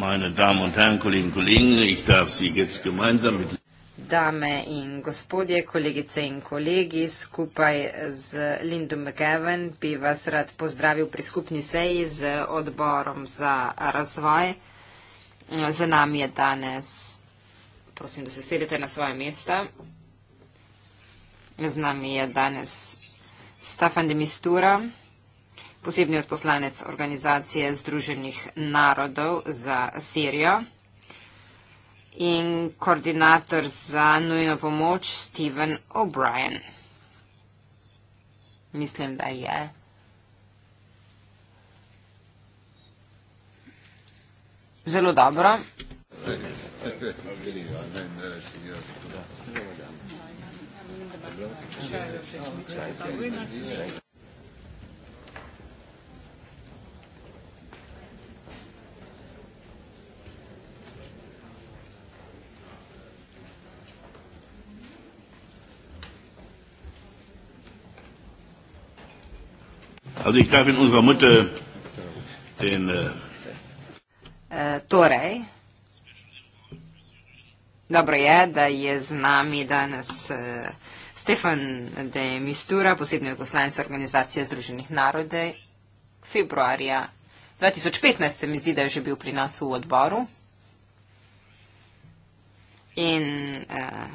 Meine Damen und Herren, Kolleginnen und Kollegen, ich darf Sie jetzt gemeinsam mit Dame in gospodje, kolegice in kolegi, skupaj z Lindo McGavin bi vas rad pozdravil pri skupni seji z odborom za razvoj. Za nami je danes, prosim, da se sedete na svoje mesta, z nami je danes Stefan de Mistura posebni odposlanec organizacije Združenih narodov za Sirijo in koordinator za nujno pomoč Steven O'Brien. Mislim, da je. Zelo dobro. Thank you. Also ich darf in unserer Mutter den... Äh äh, torej. Dobro je, da je z nami danes äh, Stefan de Mistura, posebni poslanec organizacije Združenih narode, februarja 2015 se mi zdi, da je že bil pri nas v odboru. In uh,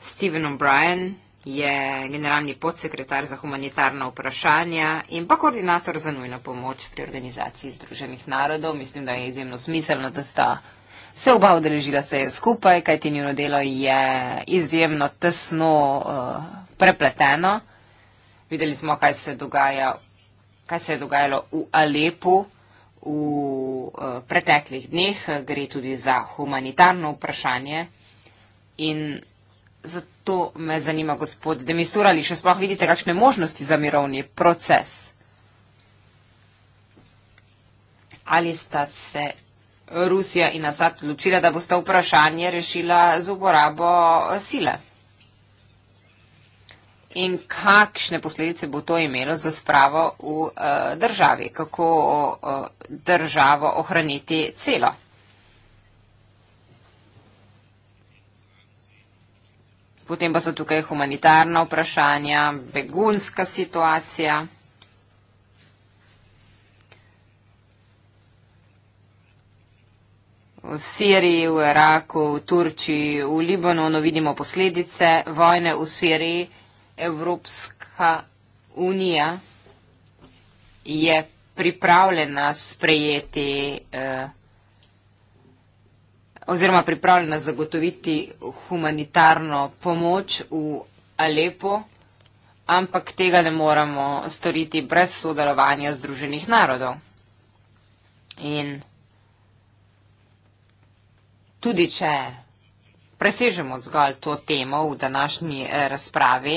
Steven O'Brien, je generalni podsekretar za humanitarna vprašanja in pa koordinator za nujno pomoč pri organizaciji Združenih narodov. Mislim, da je izjemno smiselno, da sta se oba odrežila se je skupaj, kajti njeno delo je izjemno tesno uh, prepleteno. Videli smo, kaj se, dogaja, kaj se je dogajalo v Alepu v uh, preteklih dneh. Gre tudi za humanitarno vprašanje. In zato To me zanima, gospod Demistur, ali še sploh vidite kakšne možnosti za mirovni proces. Ali sta se Rusija in Asad odločila, da boste vprašanje rešila z uporabo sile? In kakšne posledice bo to imelo za spravo v uh, državi? Kako uh, državo ohraniti celo? Potem pa so tukaj humanitarna vprašanja, begunska situacija. V Siriji, v Iraku, v Turčiji, v Libanonu vidimo posledice vojne v Siriji. Evropska unija je pripravljena sprejeti. Eh, oziroma pripravljena zagotoviti humanitarno pomoč v Alepo, ampak tega ne moramo storiti brez sodelovanja Združenih narodov. In tudi, če presežemo zgolj to temo v današnji eh, razpravi,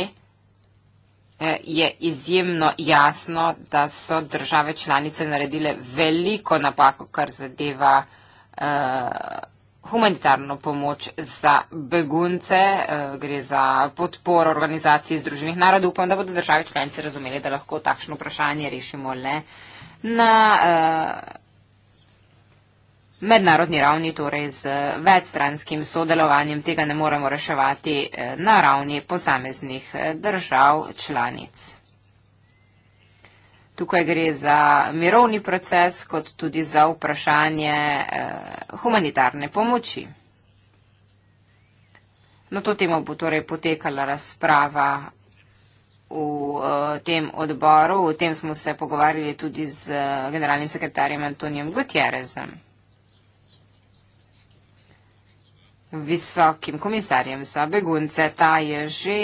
eh, je izjemno jasno, da so države članice naredile veliko napako, kar zadeva uh, humanitarno pomoč za begunce, eh, gre za podporo organizaciji Združenih narodov. Upam, da bodo države članice razumeli, da lahko takšno vprašanje rešimo le na uh, mednarodni ravni, torej z večstranskim sodelovanjem. Tega ne moremo reševati eh, na ravni posameznih držav članic. Tukaj gre za mirovni proces, kot tudi za vprašanje eh, humanitarne pomoči. Na to temo bo torej potekala razprava v eh, tem odboru. O tem smo se pogovarjali tudi z eh, generalnim sekretarjem Antonijem Gutjerezem, visokim komisarjem za begunce. Ta je že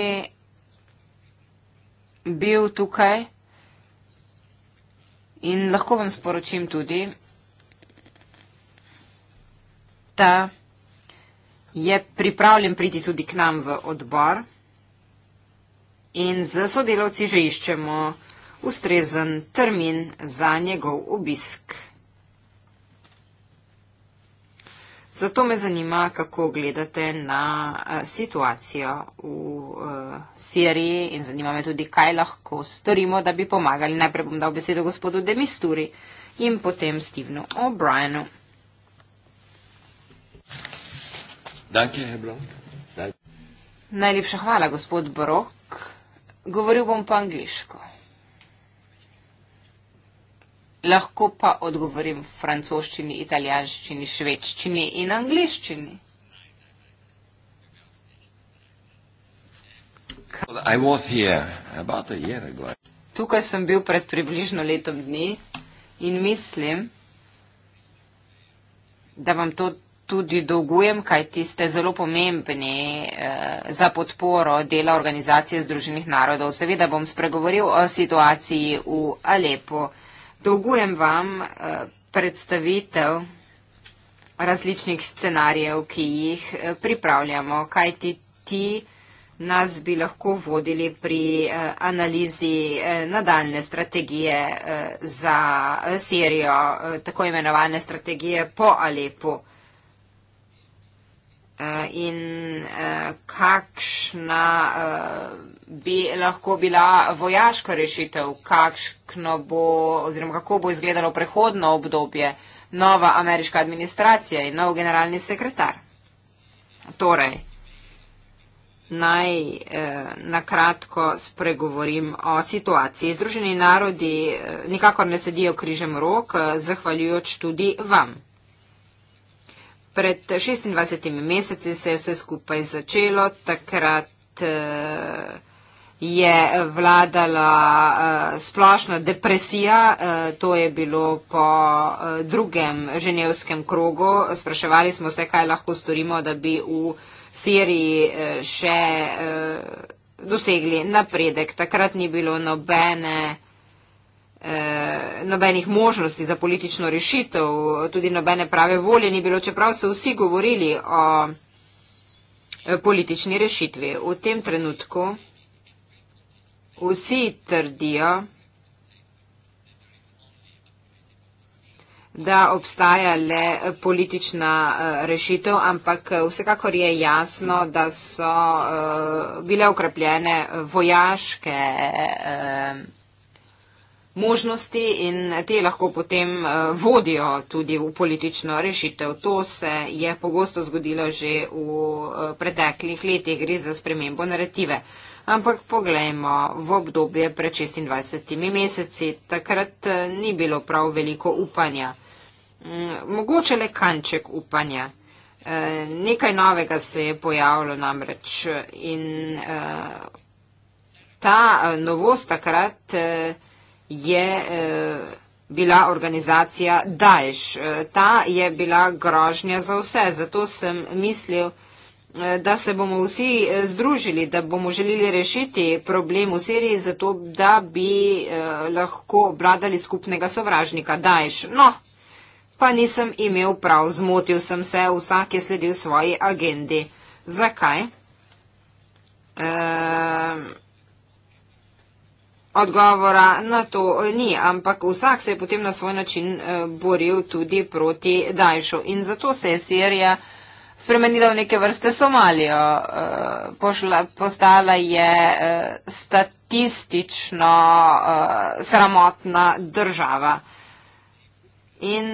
bil tukaj. In lahko vam sporočim tudi, da je pripravljen priti tudi k nam v odbor in z sodelavci že iščemo ustrezen termin za njegov obisk. Zato me zanima, kako gledate na uh, situacijo v uh, Siriji in zanima me tudi, kaj lahko storimo, da bi pomagali. Najprej bom dal besedo gospodu Demisturi in potem Stevenu O'Brienu. Najlepša hvala, gospod Barok. Govoril bom po angliško lahko pa odgovorim v francoščini, italijanščini, švedščini in angliščini. Tukaj sem bil pred približno letom dni in mislim, da vam to tudi dolgujem, kaj ti ste zelo pomembni eh, za podporo dela organizacije Združenih narodov. Seveda bom spregovoril o situaciji v Alepo dolgujem vam eh, predstavitev različnih scenarijev, ki jih eh, pripravljamo, kaj ti ti nas bi lahko vodili pri eh, analizi nadaljne strategije za serijo, tako imenovane strategije po Alepu. In kakšna bi lahko bila vojaška rešitev, kakšno bo oziroma kako bo izgledalo prehodno obdobje nova ameriška administracija in nov generalni sekretar. Torej, naj eh, nakratko spregovorim o situaciji. Združeni narodi eh, nikakor ne sedijo križem rok, eh, zahvaljujoč tudi vam. Pred 26 meseci se je vse skupaj začelo, takrat. Eh, je vladala uh, eh, splošna depresija, uh, to je bilo po uh, drugem ženevskem krogu. Spraševali smo se, kaj lahko storimo, da bi v Siriji uh, še uh, dosegli napredek. Takrat ni bilo nobene, uh, nobenih možnosti za politično rešitev, tudi nobene prave volje ni bilo, čeprav so vsi govorili o politični rešitvi. V tem trenutku Vsi trdijo, da obstaja le politična eh, rešitev, ampak eh, vsekakor je jasno, da so eh, bile ukrepljene vojaške možnosti in te lahko potem vodijo tudi v politično rešitev. To se je pogosto zgodilo že v preteklih letih, gre za spremembo narative ampak poglejmo v obdobje pred 26 meseci. Takrat eh, ni bilo prav veliko upanja. Mm, mogoče le kanček upanja. Eh, nekaj novega se je pojavilo namreč eh, in ta novost takrat je bila organizacija Daesh. Ta je bila grožnja za vse, zato sem mislil, Eh, da se bomo vsi eh, združili, da bomo želeli rešiti problem v Siriji, zato da bi eh, lahko obladali skupnega sovražnika, Daesh. No, pa nisem imel prav, zmotil sem se, vsak je sledil svoji agendi. Zakaj? E Odgovora na to ni, ampak vsak se je potem na svoj način boril tudi proti Dajšu. In zato se je Sirija uh, spremenila v neke vrste Somalijo. Eh, pošla, postala je eh, statistično eh, sramotna država. In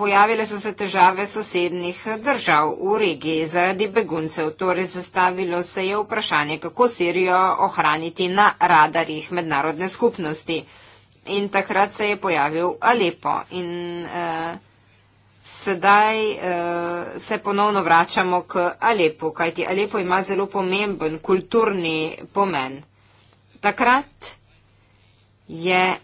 pojavile so se težave sosednih držav v regiji zaradi beguncev. Torej zastavilo se je vprašanje, kako Sirijo ohraniti na radarjih mednarodne skupnosti. In takrat se je pojavil Alepo. In, eh, sedaj uh, se ponovno vračamo k Alepu, kajti Alepo ima zelo pomemben kulturni pomen. Takrat je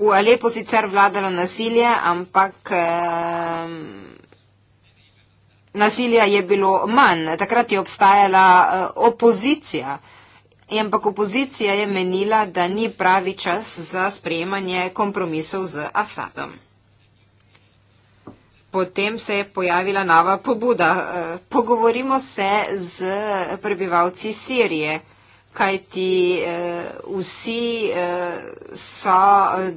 v Alepo sicer vladalo nasilje, ampak. Uh, Nasilja je bilo manj, takrat je obstajala eh, opozicija. Ampak opozicija je menila, da ni pravi čas za sprejemanje kompromisov z Asadom. Potem se je pojavila nova pobuda. E, pogovorimo se z prebivalci Sirije, kajti e, vsi e, so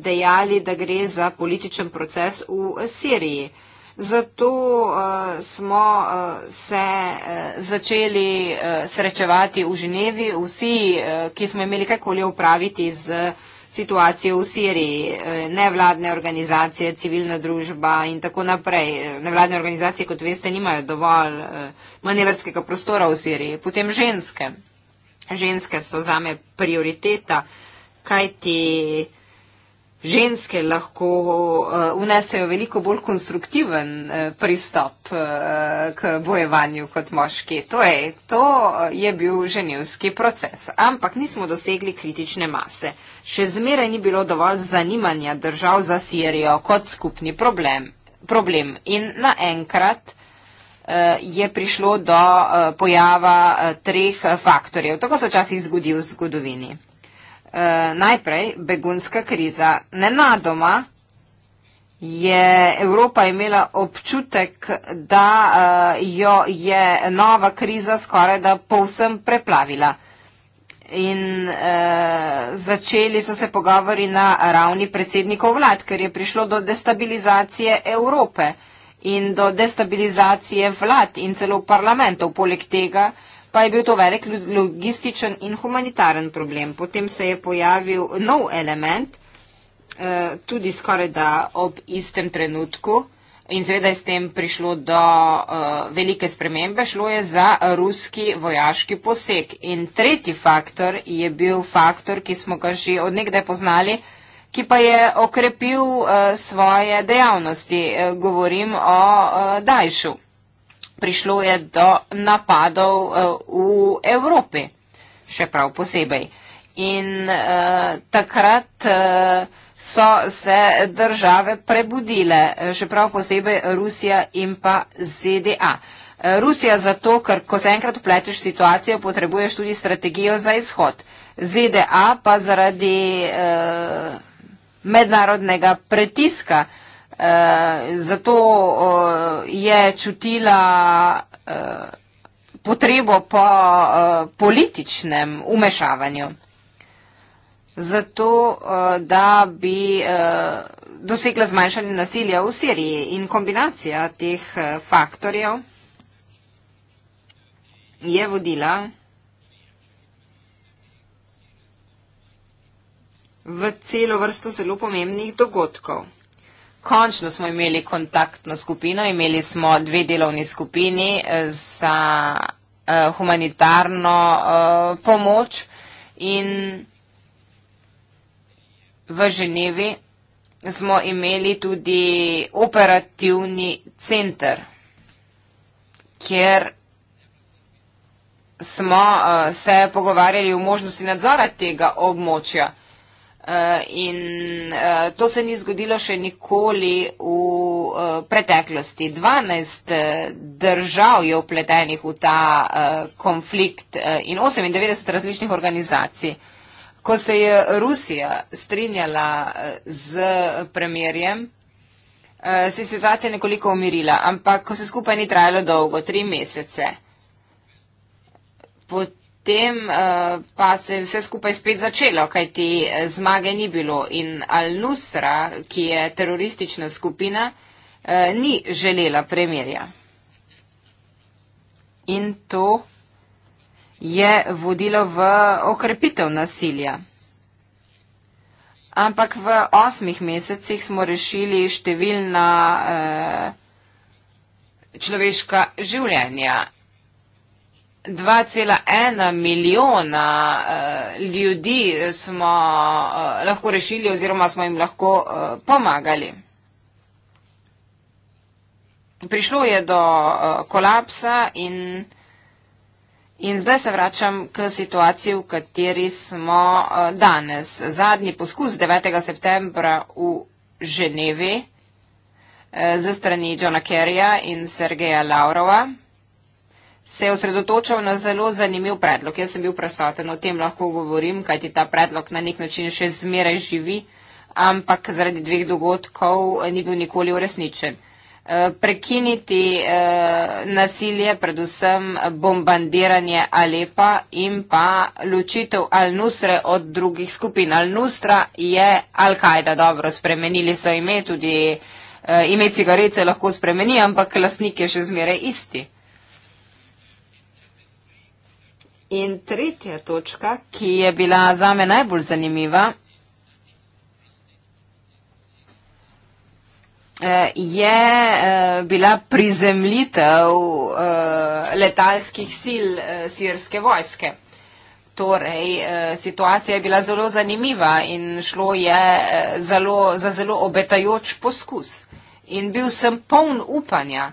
dejali, da gre za političen proces v Siriji. Zato uh, smo uh, se uh, začeli uh, srečevati v Ženevi, vsi, uh, ki smo imeli kajkoli upraviti z situacijo v Siriji, uh, nevladne organizacije, civilna družba in tako naprej. Nevladne organizacije, kot veste, nimajo dovolj uh, manevrskega prostora v Siriji. Potem ženske. Ženske so zame prioriteta, kajti. Uh, ženske lahko eh, vnesejo veliko bolj konstruktiven eh, pristop eh, k bojevanju kot moški. Torej, to je bil ženevski proces, ampak nismo dosegli kritične mase. Še zmeraj ni bilo dovolj zanimanja držav za Sirijo kot skupni problem. problem. In naenkrat je prišlo do pojava treh faktorjev. Tako se včasih zgodi v zgodovini. Eh, najprej begunska kriza. Nenadoma je Evropa imela občutek, da uh, jo je nova kriza skoraj da povsem preplavila. In uh, začeli so se pogovori na ravni predsednikov vlad, ker je prišlo do destabilizacije Evrope in do destabilizacije vlad in celo parlamentov. Poleg tega uh, pa je bil to velik logističen in humanitaren problem. Potem se je pojavil nov element, eh, tudi skoraj da ob istem trenutku in zveda je s tem prišlo do eh, velike spremembe, šlo je za ruski vojaški poseg. In tretji faktor je bil faktor, ki smo ga že odnegdaj poznali, ki pa je okrepil eh, svoje dejavnosti. Govorim o Dajšu prišlo je do napadov eh, v Evropi, še prav posebej. In uh, takrat uh, so se države prebudile, še prav posebej Rusija in pa ZDA. Rusija zato, ker ko se enkrat vpleteš v situacijo, potrebuješ tudi strategijo za izhod. ZDA pa zaradi uh, mednarodnega pretiska uh, Eh, zato eh, je čutila eh, potrebo po političnem umešavanju. Zato, da bi dosegla zmanjšanje nasilja v Siriji in kombinacija teh faktorjev je vodila v celo vrsto zelo pomembnih dogodkov. Končno smo imeli kontaktno skupino, imeli smo dve delovni skupini eh, za eh, humanitarno eh, pomoč in v Ženevi smo imeli tudi operativni center, kjer smo se pogovarjali o možnosti nadzora tega območja. Eh, in eh, to se ni zgodilo še nikoli v eh, preteklosti. 12 držav je upletenih v ta konflikt in 98 različnih organizacij. Ko se je Rusija strinjala z premjerjem, se je situacija nekoliko umirila, ampak ko se skupaj ni trajalo dolgo, tri mesece, potem potem eh, pa se je vse skupaj spet začelo, kajti eh, zmage ni bilo in Al-Nusra, ki je teroristična skupina, eh, ni želela premirja. In to je vodilo v okrepitev nasilja. Ampak v osmih mesecih smo rešili številna eh, človeška življenja. 2,1 milijona uh, ljudi eh, smo uh, lahko rešili oziroma smo jim lahko uh, pomagali. Prišlo je do uh, kolapsa in, in zdaj se vračam k situaciji, v kateri smo uh, danes. Zadnji poskus 9. septembra v Ženevi uh, za strani Johna Kerrija in Sergeja Laurova se je osredotočal na zelo zanimiv predlog. Jaz sem bil presoten, o tem lahko govorim, kajti ta predlog na nek način še zmeraj živi, ampak zaradi dveh dogodkov eh, ni bil nikoli uresničen. Eh, prekiniti eh, nasilje, predvsem bombardiranje Alepa in pa ločitev Al-Nusre od drugih skupin. Al-Nusra je Al-Kajda, dobro, spremenili so ime, tudi ime cigarece lahko spremeni, ampak lasnik je še zmeraj isti. In tretja točka, ki je bila za me najbolj zanimiva, eh, je eh, bila prizemljitev eh, letalskih sil sirske vojske. Torej, situacija je bila zelo zanimiva in šlo je zelo, za zelo obetajoč poskus. In bil sem poln upanja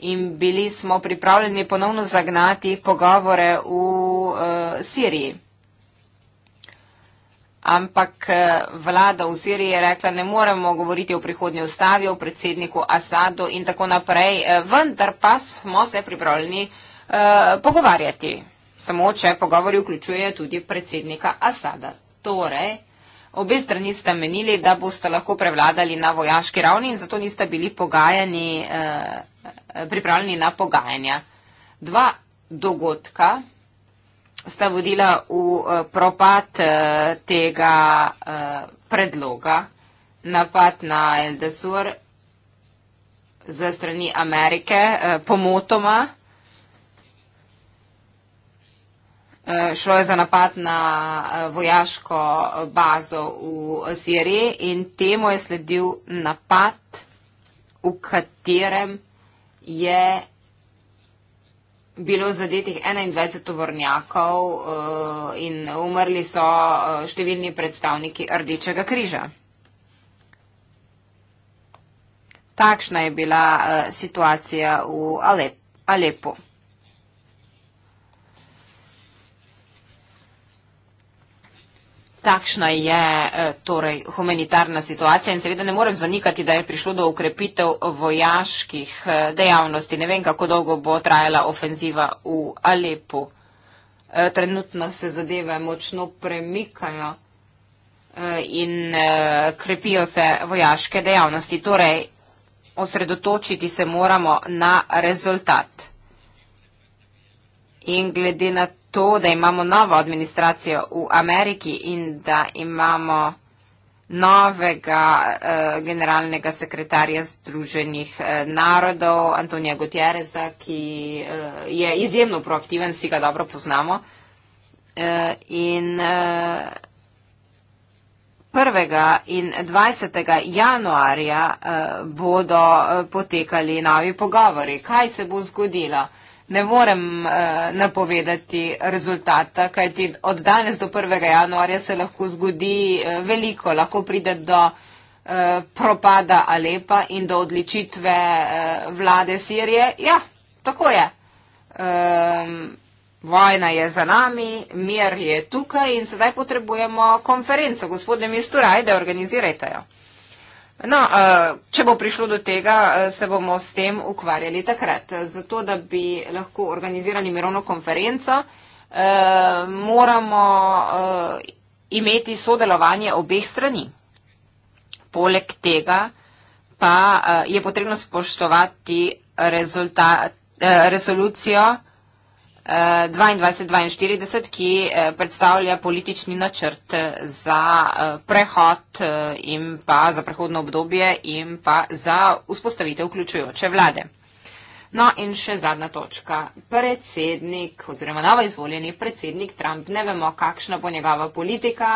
in bili smo pripravljeni ponovno zagnati pogovore v eh, Siriji. Ampak eh, vlada v Siriji je rekla, ne moremo govoriti o prihodnji ustavi, o predsedniku Asadu in tako naprej, eh, vendar pa smo se pripravljeni pogovarjati. Samo, če pogovori vključujejo tudi predsednika Asada. Torej, Obe strani ste menili, da boste lahko prevladali na vojaški ravni in zato niste bili pogajani, eh, pripravljeni na pogajanja. Dva dogodka sta vodila v eh, propad eh, tega predloga, napad na Eldesur za strani Amerike, pomotoma. Eh, šlo je za napad na eh, vojaško bazo v Siriji in temu je sledil napad, v katerem je bilo zadetih 21 tovornjakov eh, in umrli so številni predstavniki Rdečega križa. Takšna je bila situacija v Alep Alepu. kakšna je e, torej humanitarna situacija in seveda ne morem zanikati, da je prišlo do ukrepitev vojaških e, dejavnosti. Ne vem, kako dolgo bo trajala ofenziva v Alepu. E, trenutno se zadeve močno premikajo in krepijo se vojaške dejavnosti. Torej, osredotočiti se moramo na rezultat. In glede na to, da imamo novo administracijo v Ameriki in da imamo novega uh, generalnega sekretarja Združenih uh, narodov, Antonija Gutjereza, ki uh, je izjemno proaktiven, vsi ga dobro poznamo. Uh, in uh, 1. in 20. januarja uh, bodo uh, potekali novi pogovori. Kaj se bo zgodilo? ne morem uh, napovedati rezultata, kajti od danes do 1. januarja se lahko zgodi eh, veliko, lahko pride do uh, propada Alepa in do odličitve uh, vlade Sirije. Ja, tako je. Um, Vojna je za nami, mir je tukaj in sedaj potrebujemo konferenco. Gospode Misturajde, organizirajte jo. No, eh, če bo prišlo do tega, eh, se bomo s tem ukvarjali takrat. Zato, da bi lahko organizirali mirovno konferenco, eh, moramo imeti sodelovanje obeh strani. Poleg tega pa je potrebno spoštovati rezultat, resolucijo 2042, ki eh, predstavlja politični načrt eh, za eh, prehod in pa za prehodno obdobje in pa za vzpostavitev vključujoče vlade. No in še zadnja točka. Predsednik oziroma novo izvoljeni predsednik Trump, ne vemo, kakšna bo njegova politika,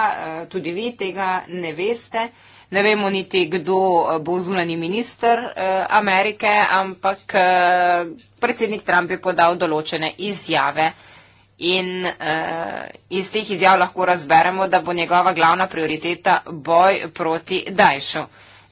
tudi vi tega ne veste ne vemo niti, kdo eh, bo zunani minister eh, Amerike, ampak eh, predsednik Trump je podal določene izjave. In eh, iz teh izjav lahko razberemo, da bo njegova glavna prioriteta boj proti Dajšu.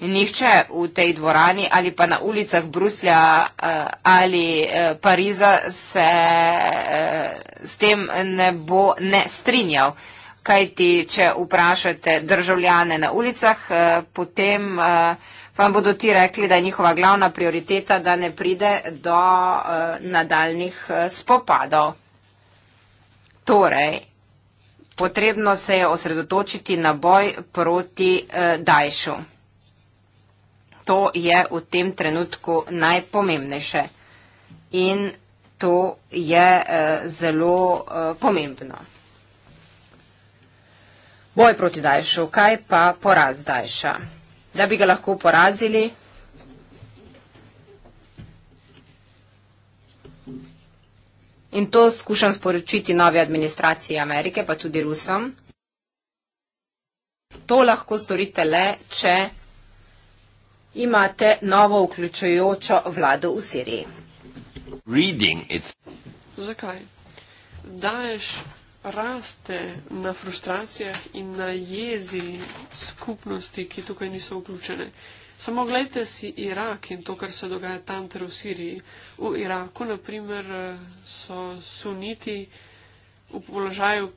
Nihče v tej dvorani ali pa na ulicah Bruslja eh, ali eh, Pariza se eh, s tem ne bo ne strinjal. Eh, kajti če vprašate državljane na ulicah, eh, potem eh, vam bodo ti rekli, da je njihova glavna prioriteta, da ne pride do eh, nadaljnih spopadov. Torej, potrebno se je osredotočiti na boj proti Dajšu. To je v tem trenutku najpomembnejše in to je zelo pomembno boj proti Dajšu, kaj pa poraz Dajša? Da bi ga lahko porazili. In to skušam sporočiti novi administraciji Amerike, pa tudi Rusom. To lahko storite le, če imate novo vključujočo vlado v Siriji. Zakaj? Daješ raste na frustracijah in na jezi skupnosti, ki tukaj niso vključene. Samo gledajte si Irak in to, kar se dogaja tam ter v Siriji. V Iraku, naprimer, so suniti v položaju,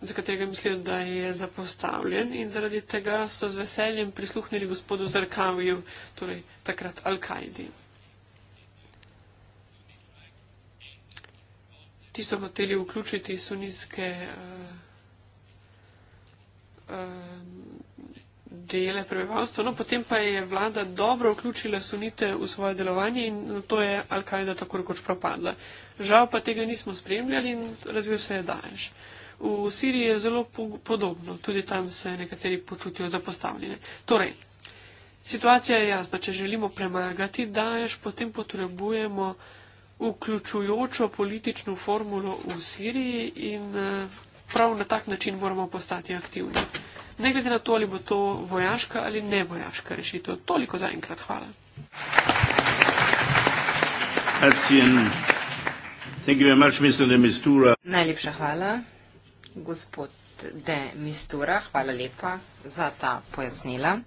za katerega mislijo, da je zapostavljen in zaradi tega so z veseljem prisluhnili gospodu Zarkaviju, torej takrat Al-Kaidi. ti so hoteli vključiti sunijske uh, uh, dele prebivalstva. No, potem pa je vlada dobro vključila sunite v svoje delovanje in na to je Al-Kaida tako rekoč propadla. Žal pa tega nismo spremljali in razvil se je Daješ. V Siriji je zelo podobno, tudi tam se nekateri počutijo zapostavljene. Torej, situacija je jasna, če želimo premagati Daješ, potem potrebujemo vključujočo politično formulo v Siriji in eh, prav na tak način moramo postati aktivni. Ne glede na to, ali bo to vojaška ali ne vojaška rešitev. Toliko za enkrat. Hvala. Najlepša hvala, gospod De Mistura. Hvala lepa za ta pojasnila.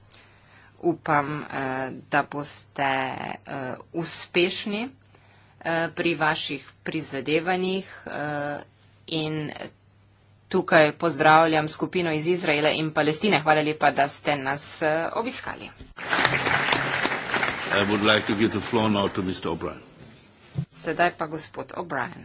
Upam, eh, da boste eh, uspešni. Eh, pri vaših prizadevanjih eh, in tukaj pozdravljam skupino iz Izraela in Palestine. Hvala lepa, da ste nas eh, obiskali. Like Sedaj pa gospod O'Brien.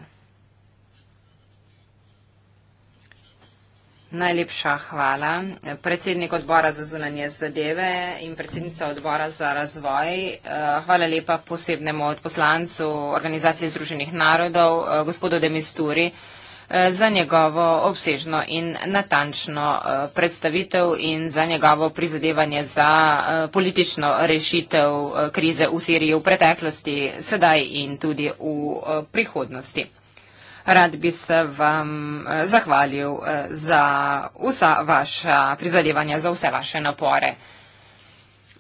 Najlepša hvala. Predsednik odbora za zunanje zadeve in predsednica odbora za razvoj. Eh, hvala lepa posebnemu odposlancu Organizacije združenih narodov, eh, gospodu Demisturi, eh, za njegovo obsežno in natančno predstavitev in za njegovo prizadevanje za politično rešitev krize v Siriji v preteklosti, sedaj in tudi v prihodnosti rad bi se vam eh, zahvalil eh, za vsa vaša prizadevanja, za vse vaše napore.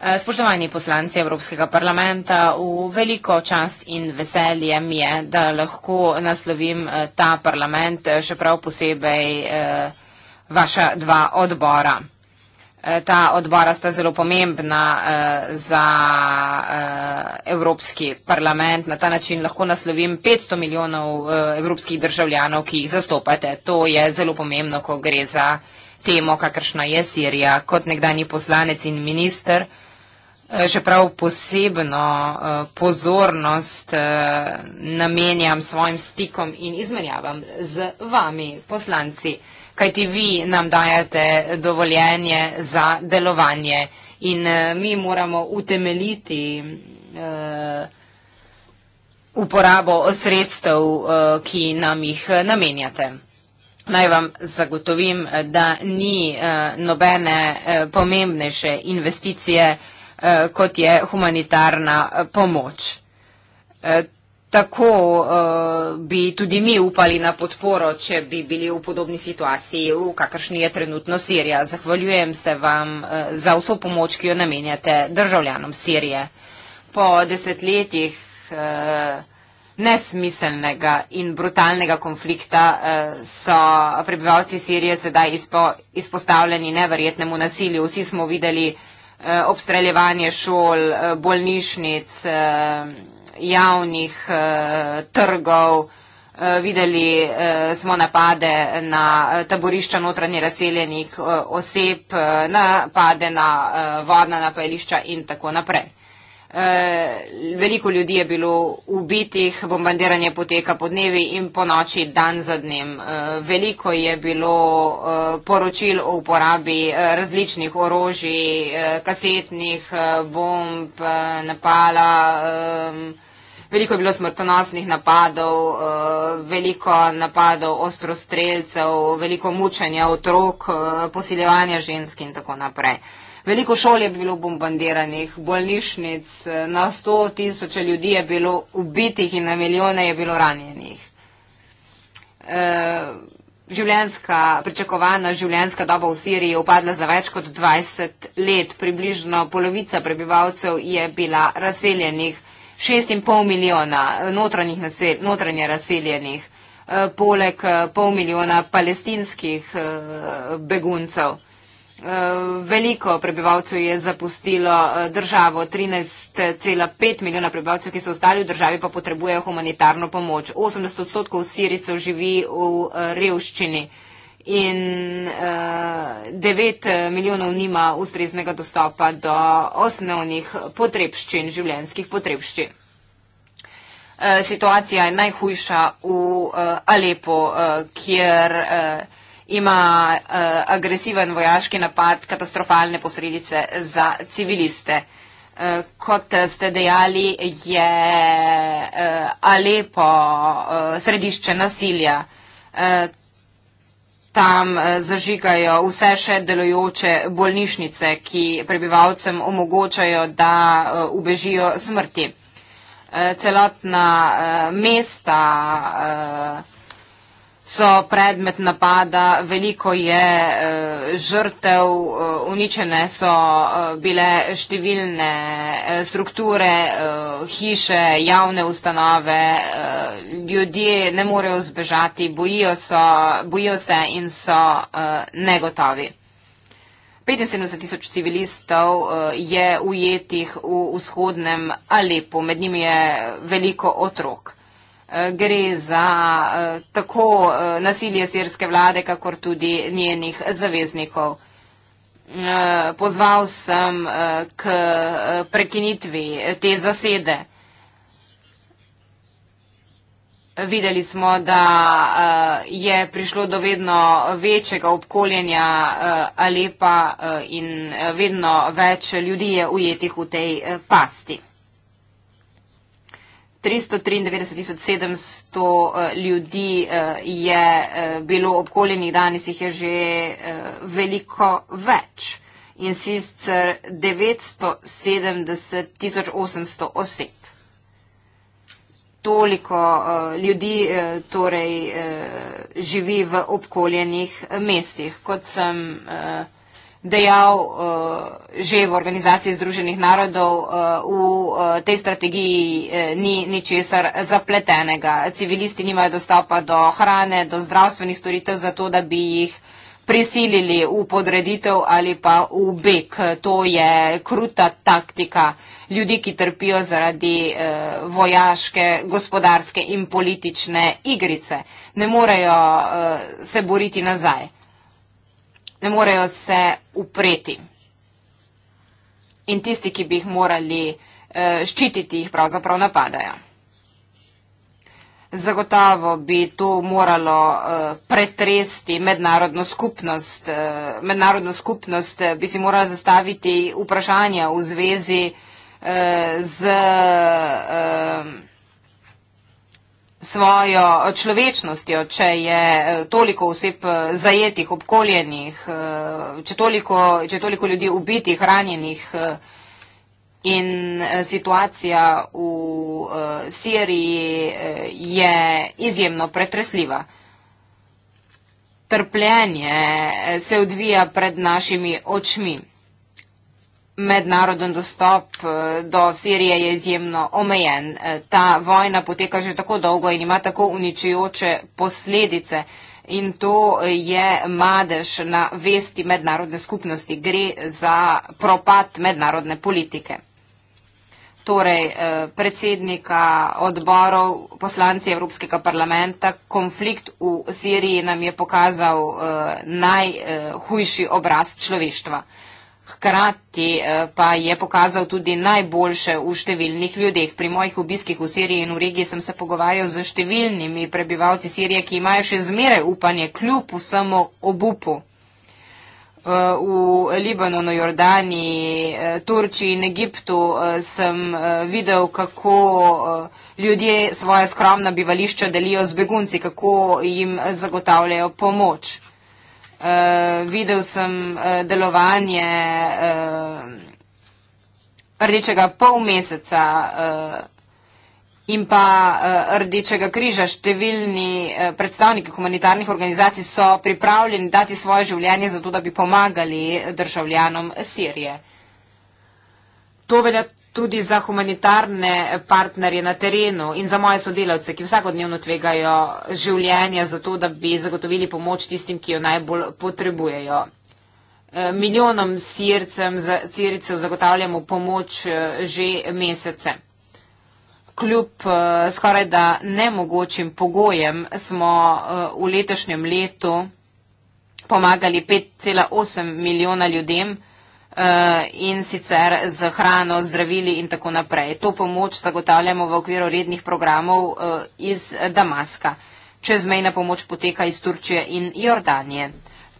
Eh, spoštovani poslanci Evropskega parlamenta, v veliko čast in veselje mi je, da lahko naslovim ta parlament, še prav posebej vaša dva odbora. Eh, ta odbora sta zelo pomembna eh, za eh, Evropski parlament. Na ta način lahko naslovim 500 milijonov eh, evropskih državljanov, ki jih zastopate. To je zelo pomembno, ko gre za temo, kakršna je Sirija. Kot nekdani poslanec in minister, eh, Še prav posebno eh, pozornost namenjam svojim stikom in izmenjavam z vami, poslanci kajti vi nam dajate dovoljenje za delovanje in eh, mi moramo utemeljiti eh, uporabo sredstev, eh, ki nam jih namenjate. Naj vam zagotovim, da ni nobene pomembnejše investicije, kot je humanitarna pomoč. Tako uh, bi tudi mi upali na podporo, če bi bili v podobni situaciji, v kakršni je trenutno Sirija. Zahvaljujem se vam uh, za vso pomoč, ki jo namenjate državljanom Sirije. Po desetletjih uh, nesmiselnega in brutalnega konflikta uh, so prebivalci Sirije sedaj izpo, izpostavljeni neverjetnemu nasilju. Vsi smo videli uh, obstreljevanje šol, uh, bolnišnic. Uh, javnih eh, trgov, eh, videli eh, smo napade na taborišča notranje razseljenih oseb, napade na vodna napajališča in tako naprej. Eh, veliko ljudi je bilo ubitih, bombardiranje poteka po dnevi in po noči dan za dnem. Eh, veliko je bilo eh, poročil o uporabi različnih orožij, kasetnih, bomb, napala. Veliko je bilo smrtonosnih napadov, veliko napadov ostrostrelcev, veliko mučanja otrok, posiljevanja žensk in tako naprej. Veliko šol je bilo bombardiranih, bolnišnic, na sto tisoče ljudi je bilo ubitih in na milijone je bilo ranjenih. E, življenska, pričakovana življenska doba v Siriji je upadla za več kot 20 let. Približno polovica prebivalcev je bila razseljenih, 6,5 milijona nasel, notranje razseljenih, e, poleg e, pol milijona palestinskih e, beguncev. Eh, veliko prebivalcev je zapustilo eh, državo, 13,5 milijona prebivalcev, ki so ostali v državi, pa potrebujejo humanitarno pomoč. 80 odstotkov Sirijcev živi v eh, revščini in 9 milijonov nima ustreznega dostopa do osnovnih potrebščin, življenskih potrebščin. Situacija je najhujša v Alepo, kjer ima uh, agresiven vojaški napad katastrofalne posredice za civiliste. Eh, kot ste dejali, je eh, Alepo središče nasilja. Tam zažigajo vse še delojoče bolnišnice, ki prebivalcem omogočajo, da ubežijo smrti. Celotna mesta so predmet napada, veliko je eh, žrtev, eh, uničene so eh, bile številne strukture, hiše, javne ustanove, ljudje ne morejo zbežati, bojijo, so, bojijo se in so negotovi. 75 tisoč civilistov je ujetih v vzhodnem Alepu, med njimi je veliko otrok. Eh, gre za eh, tako eh, nasilje sirske vlade, kakor tudi njenih zaveznikov. Pozval sem k prekinitvi te zasede. Videli smo, da je prišlo do vedno večjega obkoljenja Alepa in vedno več ljudi je ujetih v tej pasti. 300 eh, ljudi eh, je eh, bilo obkoljenih, danes jih je že veliko več in sicer 970 800 oseb. Toliko ljudi torej živi v obkoljenih mestih. Kot sem dejal eh, že v organizaciji Združenih narodov, eh, v eh, tej strategiji ni ničesar zapletenega. Civilisti nimajo dostopa do hrane, do zdravstvenih storitev, zato da bi jih prisilili v podreditev ali pa v beg. To je kruta taktika ljudi, ki trpijo zaradi eh, vojaške, gospodarske in politične igrice. Ne morejo eh, se boriti nazaj ne morejo se upreti. In tisti, ki bi jih morali eh, ščititi, jih pravzaprav napadajo. Zagotavo bi to moralo eh, pretresti mednarodno skupnost. Eh, mednarodno skupnost eh, bi si morala zastaviti vprašanja v zvezi eh, z. Eh, svojo človečnostjo, če je eh, toliko oseb eh, zajetih, obkoljenih, eh, če toliko, če toliko ljudi ubitih, ranjenih in situacija v Siriji je izjemno pretresljiva. Trpljenje se odvija pred našimi očmi mednaroden dostop eh, do Sirije je izjemno omejen. Eh, ta vojna poteka že tako dolgo in ima tako uničujoče posledice. In to je madež na vesti mednarodne skupnosti. Gre za propad mednarodne politike. Torej, eh, predsednika odborov, poslanci Evropskega parlamenta, konflikt v Siriji nam je pokazal najhujši obraz človeštva. Hkrati eh, pa je pokazal tudi najboljše v številnih ljudeh. Pri mojih obiskih v Siriji in v regiji sem se pogovarjal z številnimi prebivalci Sirije, ki imajo še zmeraj upanje kljub vsemu obupu. Eh, v Libanonu, Jordaniji, eh, Turčiji in Egiptu sem videl, kako ljudje svoje skromna bivališča delijo z begunci, kako jim zagotavljajo pomoč. Eh, videl sem uh, delovanje uh, rdečega pol meseca uh, in pa uh, rdečega križa. Številni uh, predstavniki humanitarnih organizacij so pripravljeni dati svoje življenje za to, da bi pomagali državljanom Sirije. To velja tudi za humanitarne partnerje na terenu in za moje sodelavce, ki vsakodnevno tvegajo življenja za to, da bi zagotovili pomoč tistim, ki jo najbolj potrebujejo. Eh, milijonom sircev zagotavljamo pomoč eh, že mesece. Kljub eh, skoraj da nemogočim pogojem smo v letošnjem letu pomagali 5,8 milijona ljudem, Eh, in sicer z hrano, zdravili in tako naprej. To pomoč zagotavljamo v okviru rednih programov eh, iz Damaska. Čezmejna pomoč poteka iz Turčije in Jordanije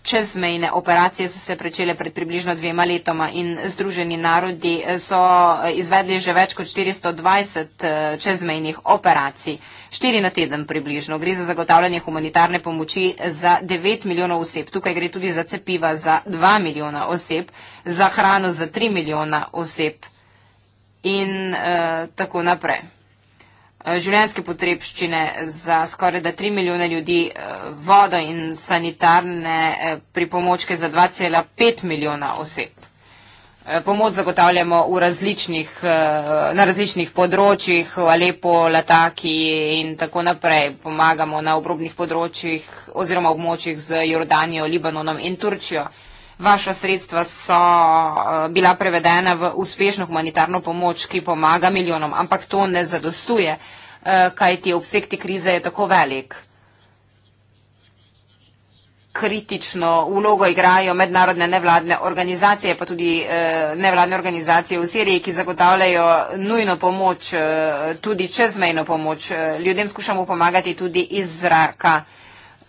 čezmejne operacije so se prečele pred približno dvema letoma in Združeni narodi eh, so eh, izvedli že več kot 420 eh, čezmejnih operacij. Štiri na teden približno. Gre za zagotavljanje humanitarne pomoči za 9 milijonov oseb. Tukaj gre tudi za cepiva za 2 milijona oseb, za hrano za 3 milijona oseb in uh, tako naprej. Eh, življenske potrebščine za skoraj da 3 milijone ljudi, eh, vodo in sanitarne eh, pripomočke za 2,5 milijona oseb. Pomoč zagotavljamo različnih, na različnih področjih, v Alepo, Lataki in tako naprej. Pomagamo na obrobnih področjih oziroma območjih z Jordanijo, Libanonom in Turčijo. Vaša sredstva so eh, bila prevedena v uspešno humanitarno pomoč, ki pomaga milijonom, ampak to ne zadostuje, eh, kaj ti obseg te krize je tako velik. Kritično ulogo igrajo mednarodne nevladne organizacije, pa tudi eh, nevladne organizacije v Siriji, ki zagotavljajo nujno pomoč, tudi čezmejno pomoč. Ljudem skušamo pomagati tudi iz zraka.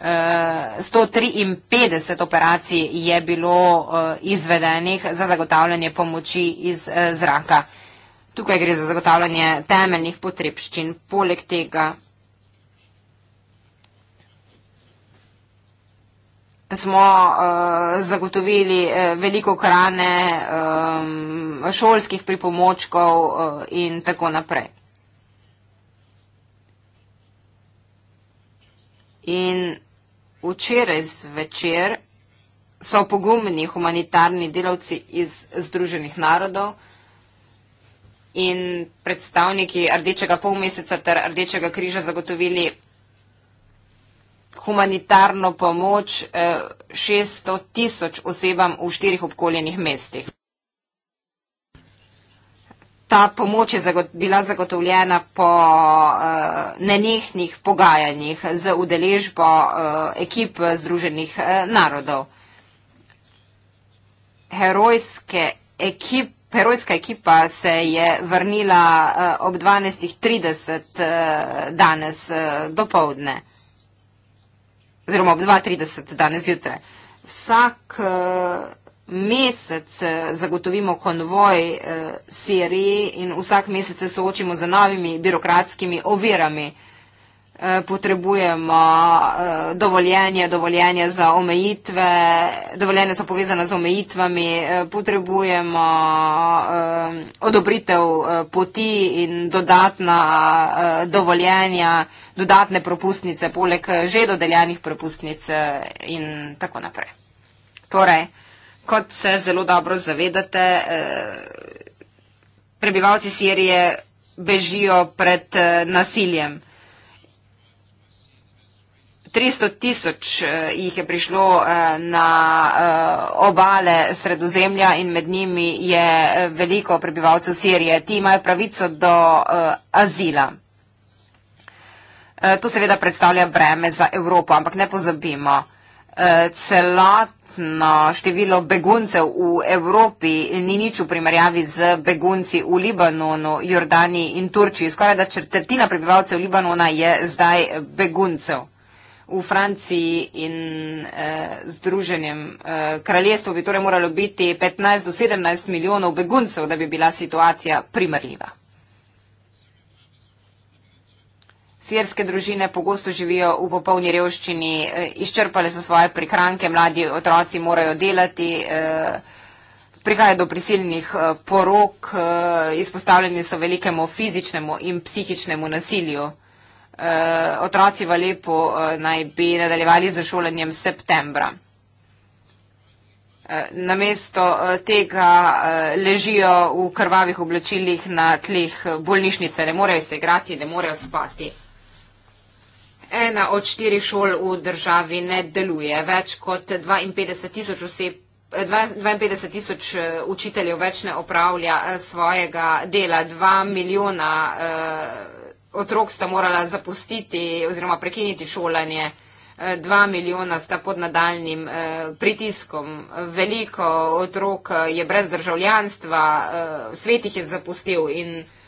153 eh, operacij je bilo eh, izvedenih za zagotavljanje pomoči iz eh, zraka. Tukaj gre za zagotavljanje temeljnih potrebščin. Poleg tega smo zagotovili veliko krane šolskih pripomočkov in tako naprej. In tako naprej včeraj zvečer so pogumni humanitarni delavci iz Združenih narodov in predstavniki Rdečega polmeseca ter Rdečega križa zagotovili humanitarno pomoč 600 eh, tisoč osebam v štirih obkoljenih mestih ta pomoč je zagot, bila zagotovljena po uh, nenehnih pogajanjih z udeležbo uh, ekip Združenih uh, narodov. Herojske ekip, herojska ekipa se je vrnila uh, ob 12.30 uh, danes uh, do povdne, oziroma ob 2.30 danes jutre. Vsak uh, mesec eh, zagotovimo konvoj eh, Siriji in vsak mesec se soočimo z novimi birokratskimi ovirami. Eh, potrebujemo dovoljenje, dovoljenje za omejitve, dovoljenje so povezane z omejitvami, potrebujemo odobritev poti in dodatna dovoljenja, dodatne propustnice, poleg že dodeljenih propustnic in tako naprej. Torej, Kot se zelo dobro zavedate, eh, prebivalci Sirije bežijo pred eh, nasiljem. 300 tisoč eh, jih je prišlo na obale sredozemlja in med njimi je veliko prebivalcev Sirije. Ti imajo pravico do azila. To seveda predstavlja breme za Evropo, ampak ne pozabimo. Celot trenutno število beguncev v Evropi ni nič v primerjavi z begunci v Libanonu, Jordaniji in Turčiji. Skoraj da četrtina prebivalcev Libanona je zdaj beguncev. V Franciji in eh, Združenem eh, kraljestvu bi torej moralo biti 15 do 17 milijonov beguncev, da bi bila situacija primerljiva. Sirske družine pogosto živijo v popolni revščini, e, izčrpale so svoje prihranke, mladi otroci morajo delati, e, prihaja do prisilnih e, porok, izpostavljeni so velikemu fizičnemu in psihičnemu nasilju. Otroci v Alepo naj bi nadaljevali z šolanjem septembra. Namesto tega ležijo v krvavih oblačilih na tleh bolnišnice, ne morejo se igrati, ne morejo spati ena od štirih šol v državi ne deluje. Več kot 52 tisoč oseb. 52 tisoč eh, učiteljev več ne opravlja eh, svojega dela. Dva milijona eh, otrok sta morala zapustiti oziroma prekiniti šolanje. Eh, dva milijona sta pod nadaljnim eh, pritiskom. Veliko otrok je brez državljanstva, eh, svet jih je zapustil in eh,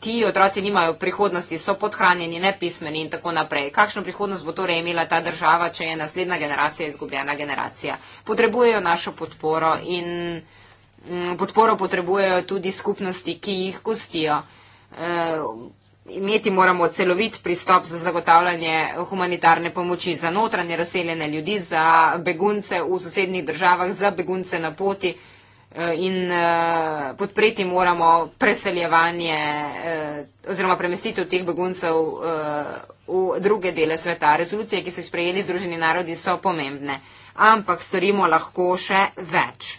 ti otroci nimajo prihodnosti, so podhranjeni, nepismeni in tako naprej. Kakšno prihodnost bo torej imela ta država, če je naslednja generacija izgubljena generacija? Potrebujejo našo podporo in mm, podporo potrebujejo tudi skupnosti, ki jih gostijo. Eh, imeti moramo celovit pristop za zagotavljanje humanitarne pomoči za notranje razseljene ljudi, za begunce v sosednjih državah, za begunce na poti. Eh, in eh, podpreti moramo preseljevanje eh, oziroma premestitev teh beguncev v druge dele sveta. Rezolucije, ki so jih sprejeli Združeni narodi, so pomembne, ampak storimo lahko še več.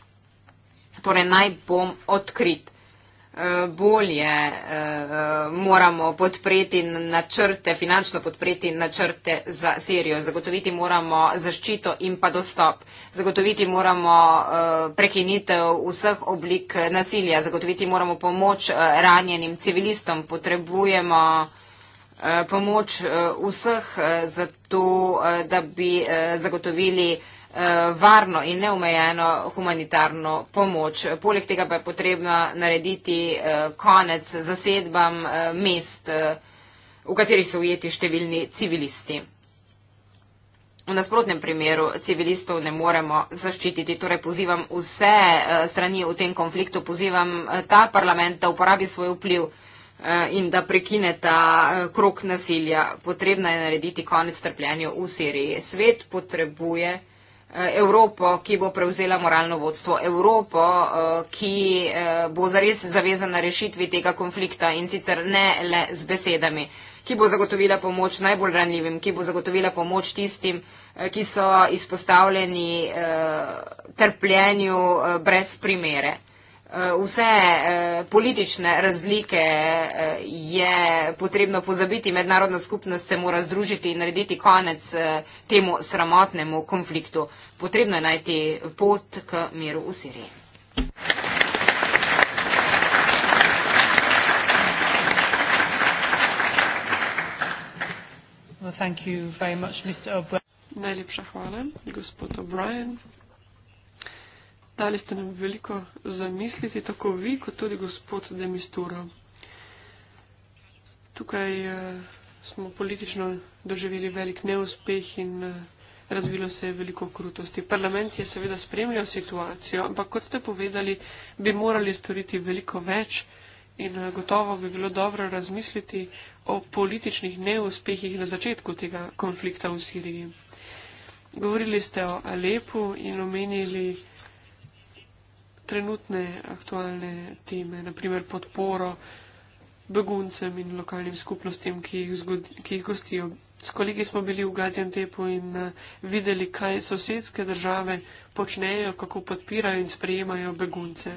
Torej, naj bom odkrit bolje eh, moramo podpreti načrte, finančno podpreti načrte za Sirijo. Zagotoviti moramo zaščito in pa dostop. Zagotoviti moramo eh, prekinitev vseh oblik nasilja. Zagotoviti moramo pomoč eh, ranjenim civilistom. Potrebujemo pomoč vseh za to, da bi zagotovili vseh Eh, varno in neumejeno humanitarno pomoč. Poleg tega pa je potrebno narediti eh, konec zasedbam eh, mest, v katerih so ujeti številni civilisti. V nasprotnem primeru civilistov ne moremo zaščititi. Torej pozivam vse strani v tem konfliktu, pozivam ta parlament, da uporabi svoj vpliv in da prekine ta krok nasilja. Potrebno je narediti konec trpljenju v Siriji. Svet potrebuje. Eh, Evropo, ki bo prevzela moralno vodstvo, Evropo, eh, ki eh, bo zares zavezana rešitvi tega konflikta in sicer ne le z besedami, ki bo zagotovila pomoč najbolj ranljivim, ki bo zagotovila pomoč tistim, ki so izpostavljeni trpljenju brez primere. Eh, vse eh, politične razlike eh, je potrebno pozabiti, mednarodna skupnost se mora združiti in narediti konec temu sramotnemu konfliktu. Potrebno je najti pot k miru v Siriji. Well, thank you very much, Mr. O'Brien. Najlepša hvala, gospod O'Brien. Dali ste nam veliko zamisliti, tako vi, kot tudi gospod Demisturo. Tukaj uh, smo politično doživeli velik neuspeh in uh, razvilo se je veliko krutosti. Parlament je seveda spremljal situacijo, ampak kot ste povedali, bi morali storiti veliko več in uh, gotovo bi bilo dobro razmisliti o političnih neuspehih na začetku tega konflikta v Siriji. Govorili ste o Alepu in omenili, trenutne aktualne teme, naprimer podporo beguncem in lokalnim skupnostim, ki jih, zgodi, ki jih gostijo. S kolegi smo bili v Gaziantepu in eh, videli, kaj sosedske države počnejo, kako podpirajo in sprejemajo begunce.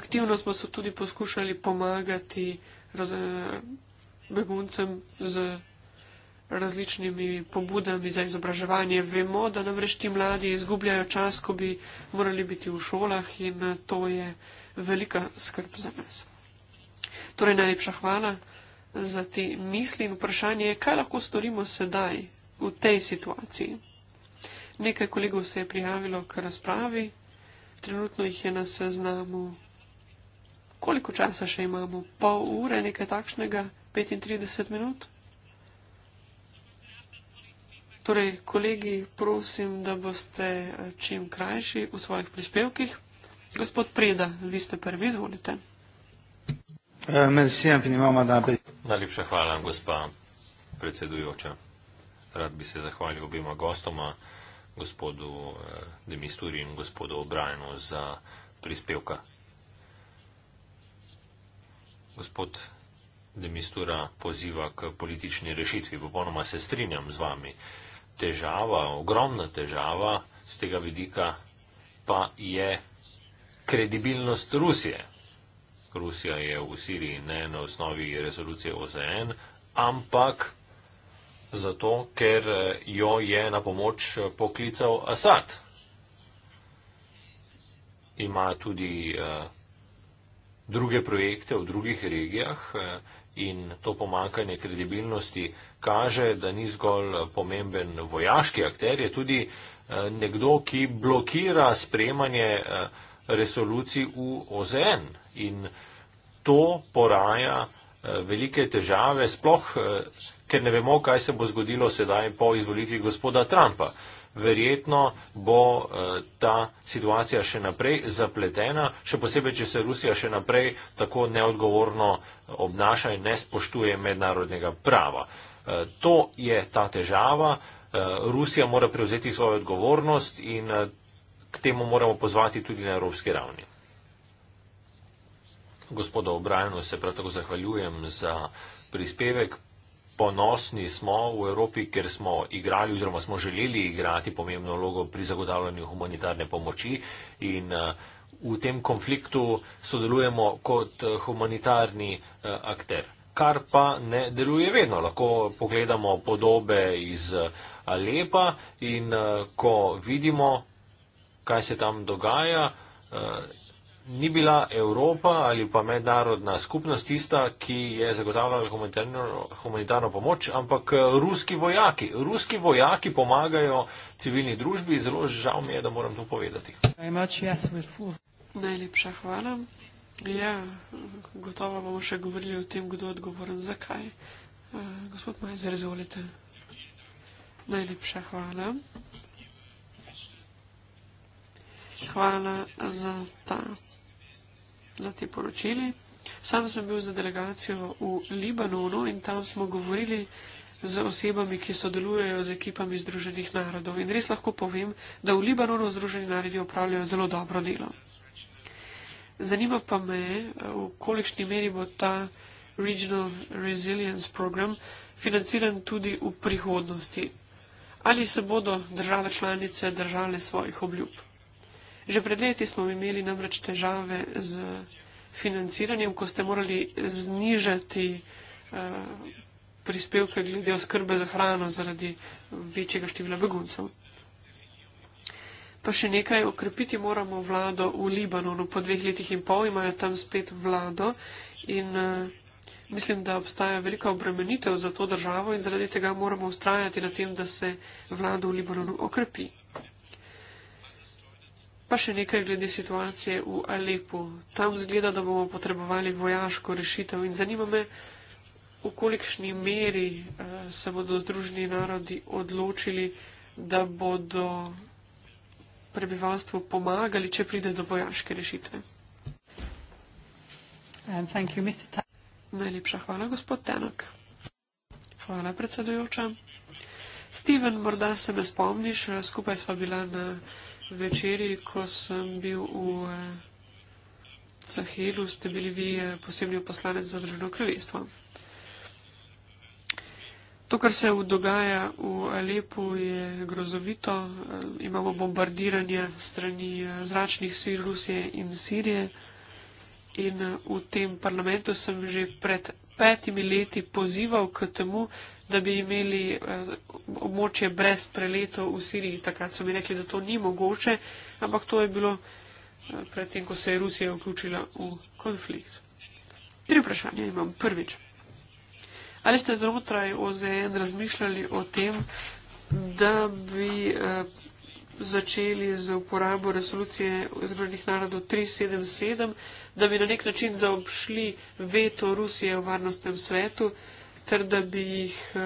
Aktivno smo se tudi poskušali pomagati raz, eh, beguncem z različnimi pobudami za izobraževanje. Vemo, da namreč ti mladi izgubljajo čas, ko bi morali biti v šolah in to je velika skrb za nas. Torej, najlepša hvala za te misli in vprašanje, kaj lahko storimo sedaj v tej situaciji. Nekaj kolegov se je prijavilo k razpravi, trenutno jih je na seznamu. Koliko časa še imamo? Pol ure, nekaj takšnega, 35 minut. Torej, kolegi, prosim, da boste eh, čim krajši v svojih prispevkih. Gospod Preda, vi ste prvi, izvolite. Eh, Najlepša hvala, gospa predsedujoča. Rad bi se zahvalil obima gostoma, gospodu eh, Demisturi in gospodu Obrajnu za prispevka. Gospod Demistura poziva k politični rešitvi. Popolnoma se strinjam z vami težava, ogromna težava z tega vidika pa je kredibilnost Rusije. Rusija je v Siriji ne na osnovi rezolucije OZN, ampak zato, ker eh, jo je na pomoč eh, poklical Asad. Ima tudi uh, druge projekte v drugih regijah, uh, in to pomankanje kredibilnosti kaže, da ni zgolj pomemben vojaški akter, je tudi eh, nekdo, ki blokira sprejemanje eh, resolucij v OZN. In to poraja eh, velike težave, sploh ker ne vemo, kaj se bo zgodilo sedaj po izvolitvi gospoda Trumpa verjetno bo eh, ta situacija še naprej zapletena, še posebej, če se Rusija še naprej tako neodgovorno eh, obnaša in ne spoštuje mednarodnega prava. Eh, to je ta težava. Rusija mora prevzeti svojo odgovornost in k temu moramo pozvati tudi na evropski ravni. Gospodo Obrajnu se prav tako zahvaljujem za prispevek ponosni smo v Evropi, ker smo igrali oziroma smo želeli igrati pomembno vlogo pri zagotavljanju humanitarne pomoči in eh, v tem konfliktu sodelujemo kot eh, humanitarni eh, akter. Kar pa ne deluje vedno. Lahko pogledamo podobe iz Alepa in ko vidimo, kaj se tam dogaja, Ni bila Evropa ali pa mednarodna skupnost tista, ki je zagotavljala humanitarno, humanitarno pomoč, ampak eh, ruski vojaki. Ruski vojaki pomagajo civilni družbi, zelo žal mi je, da moram to povedati. Najlepša hvala. Ja, gotovo bomo še govorili o tem, kdo je odgovoren za kaj. Eh, gospod Majzer, izvolite. Najlepša hvala. Hvala za ta za te poročili. Sam sem bil za delegacijo v Libanonu in tam smo govorili z osebami, ki sodelujejo z ekipami Združenih narodov. In res lahko povem, da v Libanonu Združeni narodi opravljajo zelo dobro delo. Zanima pa me, v kolikšni meri bo ta Regional Resilience Program financiran tudi v prihodnosti. Ali se bodo države članice držale svojih obljub? Že pred leti smo imeli namreč težave z financiranjem, ko ste morali znižati uh, prispevke glede oskrbe za hrano zaradi večjega števila beguncev. Pa še nekaj, okrepiti moramo vlado v Libanonu. Po dveh letih in pol imajo tam spet vlado in uh, mislim, da obstaja velika obremenitev za to državo in zaradi tega moramo ustrajati na tem, da se vlado v Libanonu okrepi. Pa še nekaj glede situacije v Alepu. Tam zgleda, da bomo potrebovali vojaško rešitev in zanima me, v kolikšni meri eh, se bodo združeni narodi odločili, da bodo prebivalstvu pomagali, če pride do vojaške rešitve. Um, Najlepša hvala, gospod Tenok. Hvala, predsedujoča. Steven, morda se me spomniš, skupaj sva bila na večerji, ko sem bil v eh, Sahelu, ste bili vi eh, posebni poslanec za Združeno kraljestvo. To, kar se dogaja v Alepu, je grozovito. Eh, imamo bombardiranje strani zračnih sil Rusije in Sirije. In v tem parlamentu sem že pred petimi leti pozival k temu, da bi imeli eh, območje brez preletov v Siriji. Takrat so mi rekli, da to ni mogoče, ampak to je bilo eh, predtem, ko se je Rusija vključila v konflikt. Tri vprašanja imam. Prvič. Ali ste znotraj OZN razmišljali o tem, da bi eh, začeli z uporabo resolucije Združenih narodov 377, da bi na nek način zaobšli veto Rusije v varnostnem svetu, ter da bi jih eh,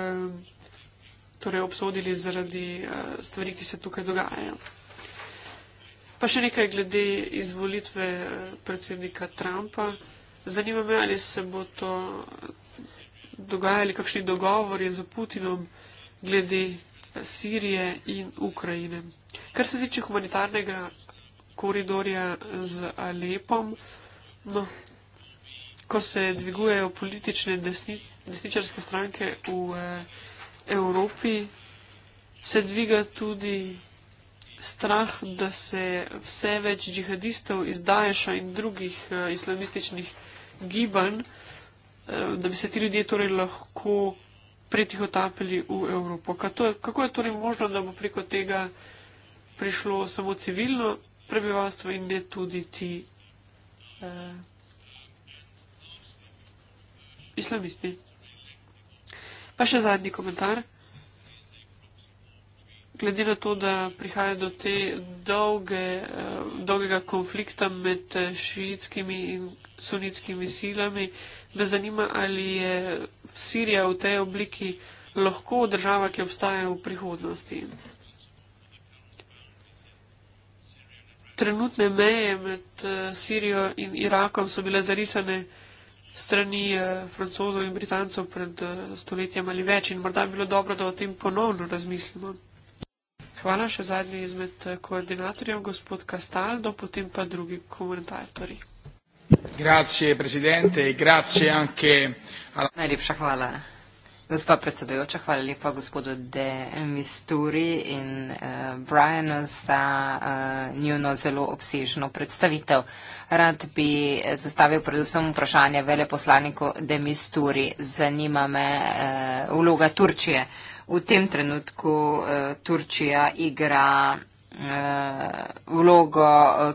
torej, obsodili zaradi eh, stvari, ki se tukaj dogajajo. Pa še nekaj glede izvolitve eh, predsednika Trumpa. Zanima me, ali se bo to dogajali kakšni dogovori za Putinom glede Sirije in Ukrajine. Kar se tiče humanitarnega koridorja z Alepom, no, ko se dvigujejo politične desni, desničarske stranke v eh, Evropi, se dviga tudi strah, da se vse več džihadistov iz Daesha in drugih eh, islamističnih gibanj, eh, da bi se ti ljudje torej lahko pretihotapili v Evropo. Kako je torej možno, da bo preko tega prišlo samo civilno prebivalstvo in ne tudi ti eh, islamisti. Pa še zadnji komentar. Glede na to, da prihaja do te dolge, eh, dolgega konflikta med eh, šiitskimi in sunitskimi silami, me zanima, ali je Sirija v tej obliki lahko država, ki obstaja v prihodnosti. trenutne meje med eh, Sirijo in Irakom so bile zarisane strani eh, francozov in britancov pred eh, stoletjem ali več in morda bi bilo dobro, da o tem ponovno razmislimo. Hvala še zadnji izmed koordinatorjev, gospod Castaldo, potem pa drugi komentatorji. Grazie, predsednik, grazie anche. Najlepša hvala. Gospa predsedujoča, hvala lepa gospodu De Misturi in uh, Brianu za uh, njuno zelo obsežno predstavitev. Rad bi zastavil predvsem vprašanje veleposlaniku De Misturi. Zanima me uh, vloga Turčije. V tem trenutku uh, Turčija igra vlogo,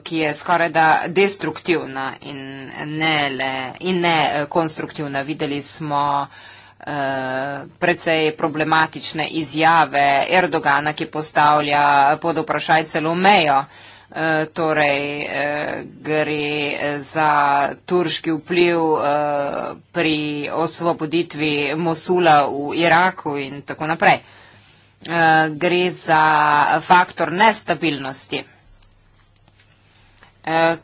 ki je skoraj da destruktivna in ne, le, in ne konstruktivna. Videli smo uh, Eh, precej problematične izjave Erdogana, ki postavlja pod vprašaj celo mejo. Eh, torej eh, gre za turški vpliv pri osvoboditvi Mosula v Iraku in tako naprej. Gre za faktor nestabilnosti.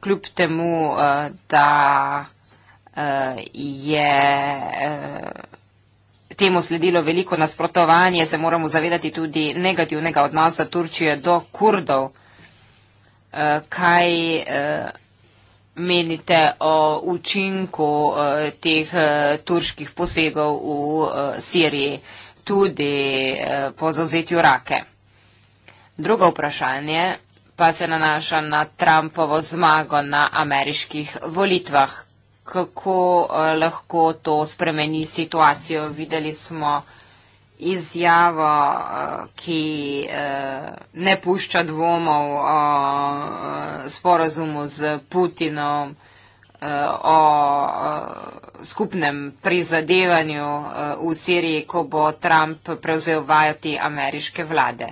Kljub temu, da je temu sledilo veliko nasprotovanje, se moramo zavedati tudi negativnega odnosa Turčije do Kurdov. Eh, kaj eh, menite o učinku eh, teh turških posegov v Siriji, tudi po zauzetju Rake? Drugo vprašanje pa se nanaša na Trumpovo zmago na ameriških volitvah kako eh, lahko to spremeni situacijo. Videli smo izjavo, eh, ki eh, ne pušča dvomov o sporazumu z Putinom, o skupnem prizadevanju v Siriji, ko bo Trump prevzel vajati ameriške vlade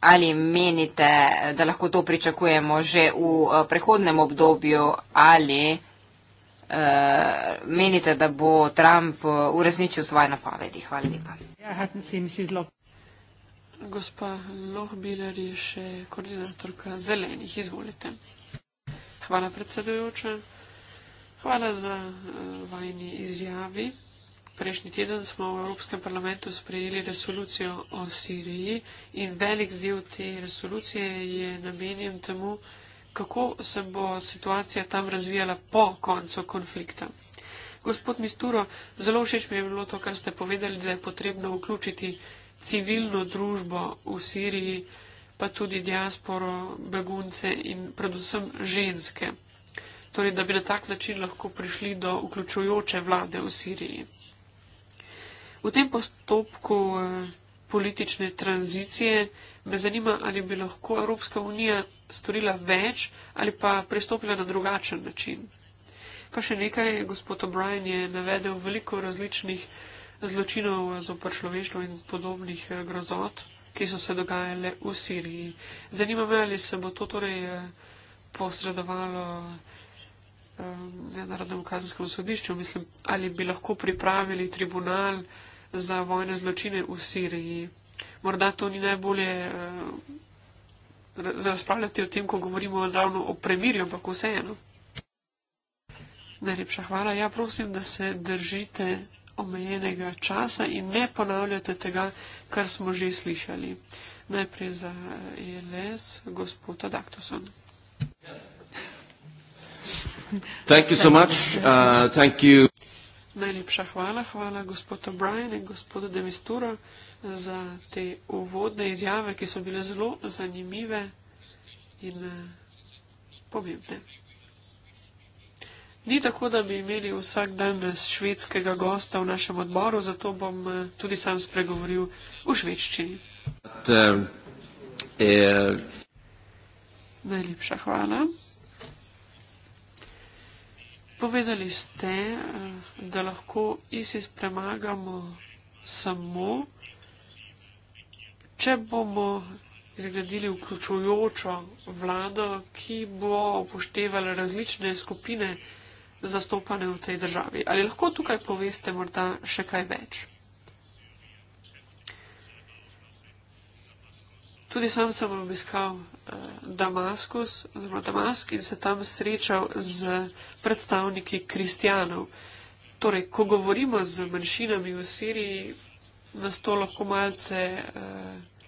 ali menite, da lahko to pričakujemo že v eh, prehodnem obdobju ali eh, menite, da bo Trump eh, uresničil svoje napovedi. Hvala lepa. Ja, Gospa Lohbiler je še koordinatorka zelenih. Izvolite. Hvala predsedujoča. Hvala za vajni izjavi. Prejšnji teden smo v Evropskem parlamentu sprejeli resolucijo o Siriji in velik del te resolucije je namenjen temu, kako se bo situacija tam razvijala po koncu konflikta. Gospod Misturo, zelo všeč mi je bilo to, kar ste povedali, da je potrebno vključiti civilno družbo v Siriji, pa tudi diasporo, begunce in predvsem ženske. Torej, da bi na tak način lahko prišli do vključujoče vlade v Siriji. V tem postopku eh, politične tranzicije me zanima, ali bi lahko Evropska unija storila več ali pa pristopila na drugačen način. Pa še nekaj, gospod O'Brien je navedel veliko različnih zločinov zopr človeštvo in podobnih eh, grozot, ki so se dogajale v Siriji. Zanima me, ali se bo to torej eh, posredovalo v Narodnem kazenskem sodišču, mislim, ali bi lahko pripravili tribunal, za vojne zločine v Siriji. Morda to ni najbolje eh, razpravljati o tem, ko govorimo ravno o premirju, ampak vseeno. Najlepša hvala. Ja, prosim, da se držite omejenega časa in ne ponavljate tega, kar smo že slišali. Najprej za ELS, eh, gospod Adaktuson. Thank you so much. Uh, thank you. Najlepša hvala, hvala gospod O'Brien in gospod Demisturo za te uvodne izjave, ki so bile zelo zanimive in eh, pomembne. Ni tako, da bi imeli vsak dan švedskega gosta v našem odboru, zato bom eh, tudi sam spregovoril v švedščini. But, uh, uh... Najlepša hvala. Povedali ste, eh, da lahko ISIS premagamo samo, če bomo izgradili vključujočo vlado, ki bo upoštevala različne skupine zastopane v tej državi. Ali lahko tukaj poveste morda še kaj več? Tudi sam sem obiskal uh, Damaskus, oziroma Damask in se tam srečal z predstavniki kristijanov. Torej, ko govorimo z manjšinami v Siriji, nas to lahko malce uh,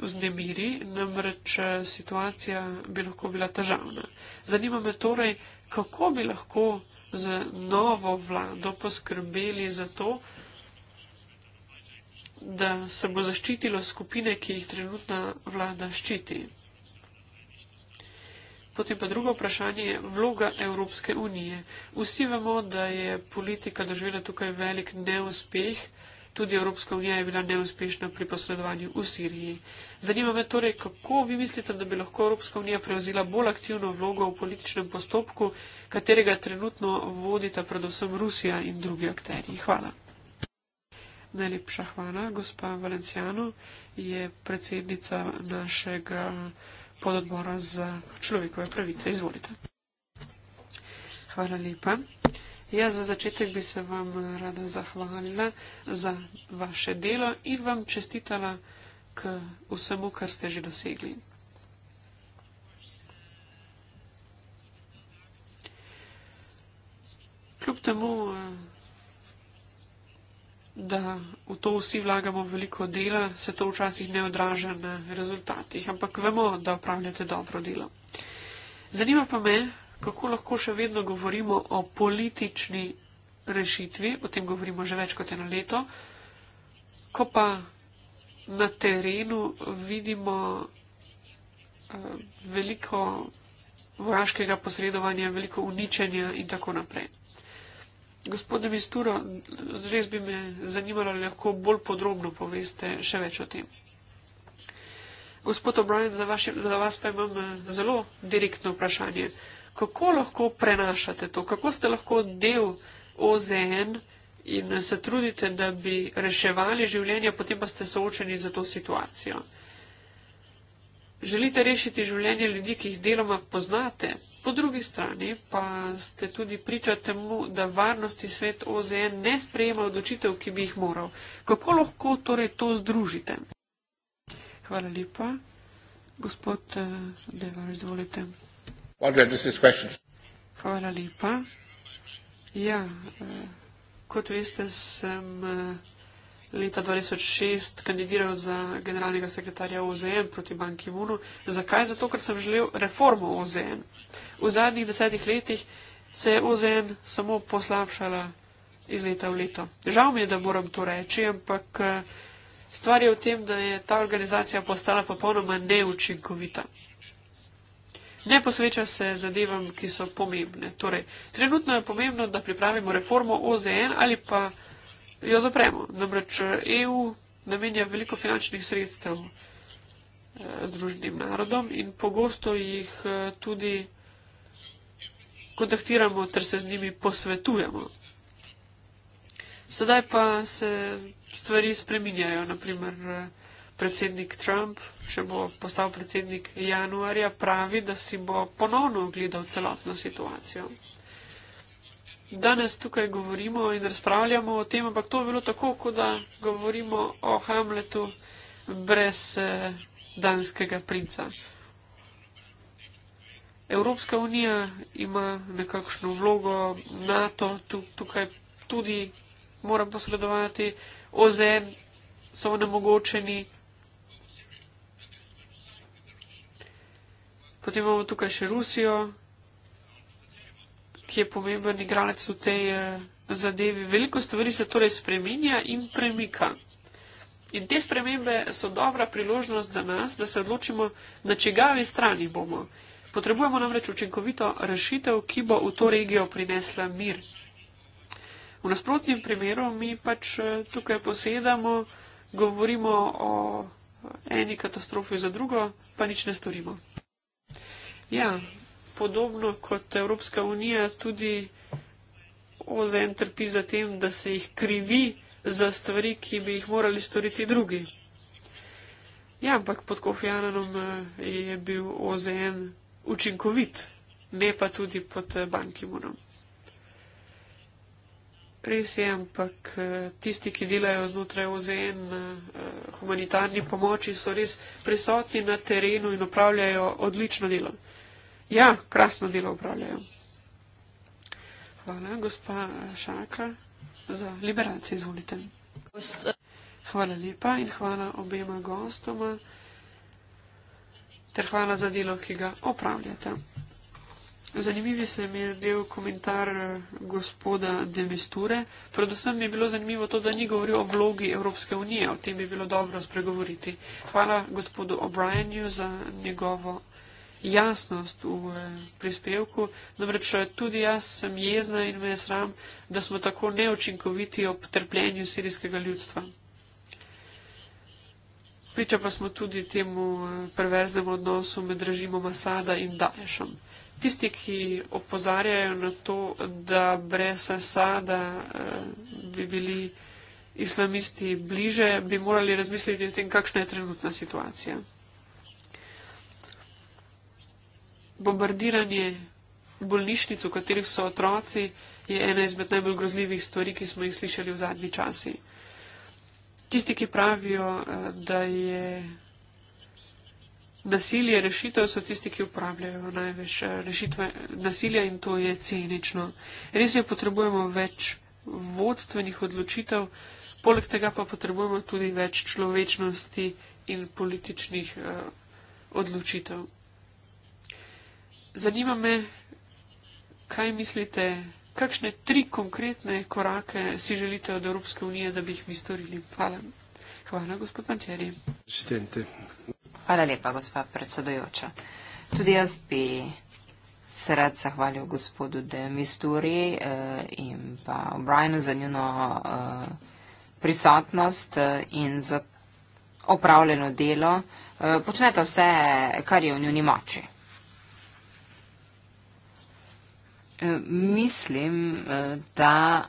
vznemiri, namreč eh, situacija bi lahko bila težavna. Zanima me torej, kako bi lahko z novo vlado poskrbeli za to, da se bo zaščitilo skupine, ki jih trenutna vlada ščiti. Potem pa drugo vprašanje je vloga Evropske unije. Vsi vemo, da je politika doživela tukaj velik neuspeh. Tudi Evropska unija je bila neuspešna pri posredovanju v Siriji. Zanima me torej, kako vi mislite, da bi lahko Evropska unija prevzela bolj aktivno vlogo v političnem postopku, katerega trenutno vodita predvsem Rusija in drugi akteri. Hvala. Najlepša hvala. Gospa Valencijano je predsednica našega pododbora za človekove pravice. Izvolite. Hvala lepa. Ja, za začetek bi se vam rada zahvalila za vaše delo in vam čestitala k vsemu, kar ste že dosegli. Kljub temu, da v to vsi vlagamo veliko dela, se to včasih ne odraža na rezultatih, ampak vemo, da upravljate dobro delo. Zanima pa me, kako lahko še vedno govorimo o politični rešitvi, o tem govorimo že več kot eno leto, ko pa na terenu vidimo eh, veliko vojaškega posredovanja, veliko uničenja in tako naprej. Gospod Mistura, res bi me zanimalo, ali lahko bolj podrobno poveste še več o tem. Gospod O'Brien, za, za vas pa imam eh, zelo direktno vprašanje. Kako lahko prenašate to? Kako ste lahko del OZN in se trudite, da bi reševali življenja, potem pa ste soočeni za to situacijo? želite rešiti življenje ljudi, ki jih deloma poznate, po drugi strani pa ste tudi priča temu, da varnosti svet OZN ne sprejema odločitev, ki bi jih moral. Kako lahko torej to združite? Hvala lepa. Gospod eh, Deva, izvolite. Hvala lepa. Ja, eh, kot veste, sem eh, leta 2006 kandidiral za generalnega sekretarja OZN proti banki Munu. Zakaj? Zato, ker sem želel reformo OZN. V zadnjih desetih letih se je OZN samo poslabšala iz leta v leto. Žal mi je, da moram to reči, ampak eh, stvar je v tem, da je ta organizacija postala popolnoma neučinkovita. Ne posveča se zadevam, ki so pomembne. Torej, trenutno je pomembno, da pripravimo reformo OZN ali pa jo zapremo. Namreč eh, EU namenja veliko finančnih sredstev eh, združenim narodom in pogosto jih eh, tudi kontaktiramo ter se z njimi posvetujemo. Sedaj pa se stvari spreminjajo. Naprimer, predsednik Trump, če bo postal predsednik januarja, pravi, da si bo ponovno ogledal celotno situacijo danes tukaj govorimo in razpravljamo o tem, ampak to je bilo tako, kot da govorimo o Hamletu brez eh, danskega princa. Evropska unija ima nekakšno vlogo, NATO tukaj tudi mora posredovati, OZN so onemogočeni. Potem imamo tukaj še Rusijo, ki je pomemben igralec v tej eh, zadevi. Veliko stvari se torej spreminja in premika. In te spremembe so dobra priložnost za nas, da se odločimo, na čigavi strani bomo. Potrebujemo namreč učinkovito rešitev, ki bo v to regijo prinesla mir. V nasprotnem primeru mi pač eh, tukaj posedamo, govorimo o eni katastrofi za drugo, pa nič ne storimo. Ja, podobno kot Evropska unija, tudi OZN trpi za tem, da se jih krivi za stvari, ki bi jih morali storiti drugi. Ja, ampak pod Kofijanom eh, je bil OZN učinkovit, ne pa tudi pod eh, Bankimunom. Res je, ampak eh, tisti, ki delajo znotraj OZN humanitarni pomoči, so res prisotni na terenu in upravljajo odlično delo. Ja, krasno delo upravljajo. Hvala, gospa Šaka, za liberacijo izvolite. Hvala lepa in hvala obema gostoma ter hvala za delo, ki ga opravljate. Zanimivi se mi je zdel komentar eh, gospoda Demisture. Predvsem mi je bilo zanimivo to, da ni govoril o vlogi Evropske unije. O tem bi bilo dobro spregovoriti. Hvala gospodu O'Brienju za njegovo jasnost v eh, prispevku. Namreč eh, tudi jaz sem jezna in me je sram, da smo tako neučinkoviti ob trpljenju sirijskega ljudstva. Priča pa smo tudi temu eh, perverznemu odnosu med režimom Asada in Daješom. Tisti, ki opozarjajo na to, da brez Asada bi bili islamisti bliže, bi morali razmisliti o tem, kakšna je trenutna situacija. bombardiranje bolnišnic, v katerih so otroci, je ena izmed najbolj grozljivih stvari, ki smo jih slišali v zadnji časi. Tisti, ki pravijo, eh, da je nasilje rešitev, so tisti, ki upravljajo največ eh, rešitve nasilja in to je cenično. Res je, potrebujemo več vodstvenih odločitev, poleg tega pa potrebujemo tudi več človečnosti in političnih uh, odločitev. Zanima me, kaj mislite, kakšne tri konkretne korake si želite od Evropske unije, da bi jih mi storili? Hvala. Hvala, gospod Mančeri. Štente. Hvala lepa, gospod predsedojoča. Tudi jaz bi se rad zahvalil gospodu De Misturi eh, in pa O'Brienu za njeno eh, prisotnost eh, in za opravljeno delo. Eh, počnete vse, kar je v njeni moči. Mislim, eh, da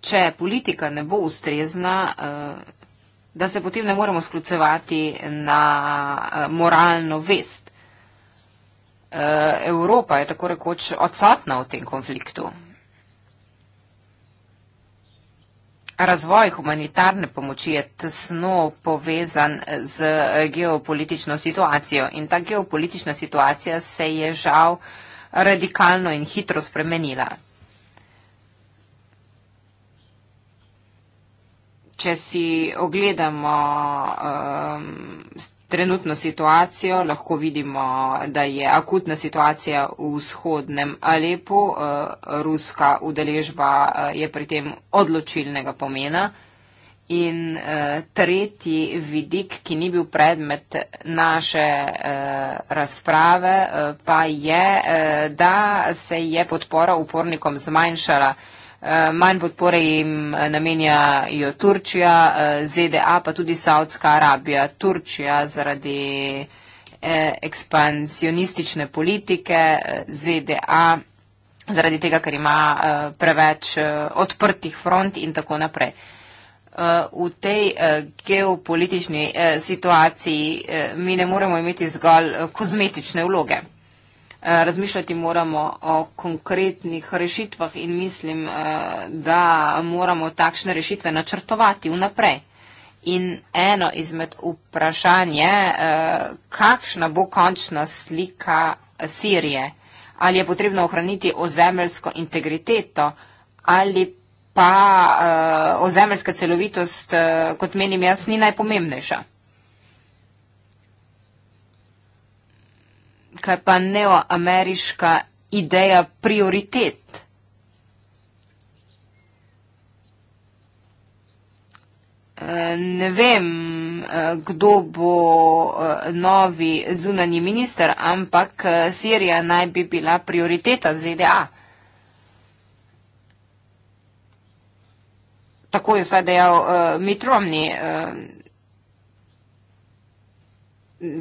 če politika ne bo ustrezna, eh, da se potem ne moremo sklucevati na eh, moralno vest. Evropa je tako rekoč odsotna v tem konfliktu. Razvoj humanitarne pomoči je tesno povezan z geopolitično situacijo in ta geopolitična situacija se je žal uh, radikalno in hitro spremenila. Če si ogledamo um, trenutno situacijo, lahko vidimo, da je akutna situacija v vzhodnem Alepu. Uh, ruska udeležba uh, je pri tem odločilnega pomena. Uh, In uh, tretji vidik, ki ni bil predmet naše uh, razprave, uh, pa je, uh, da se je podpora upornikom zmanjšala. Manj podpore jim namenjajo Turčija, ZDA, pa tudi Saudska Arabija. Turčija zaradi ekspansionistične politike, ZDA zaradi tega, ker ima preveč odprtih front in tako naprej v tej eh, geopolitični eh, situaciji eh, mi ne moremo imeti zgolj kozmetične vloge. Razmišljati moramo o konkretnih rešitvah in mislim, da moramo takšne rešitve načrtovati vnaprej. In eno izmed vprašanj je, kakšna bo končna slika Sirije. Ali je potrebno ohraniti ozemelsko integriteto ali pa uh, ozemeljska celovitost, uh, kot menim jaz, ni najpomembnejša. Kaj pa neoameriška ideja prioritet? Eh, ne vem, kdo bo novi zunani minister, ampak Sirija naj bi bila prioriteta ZDA. Tako je vsaj dejal uh, eh, Mitromni. Uh, eh,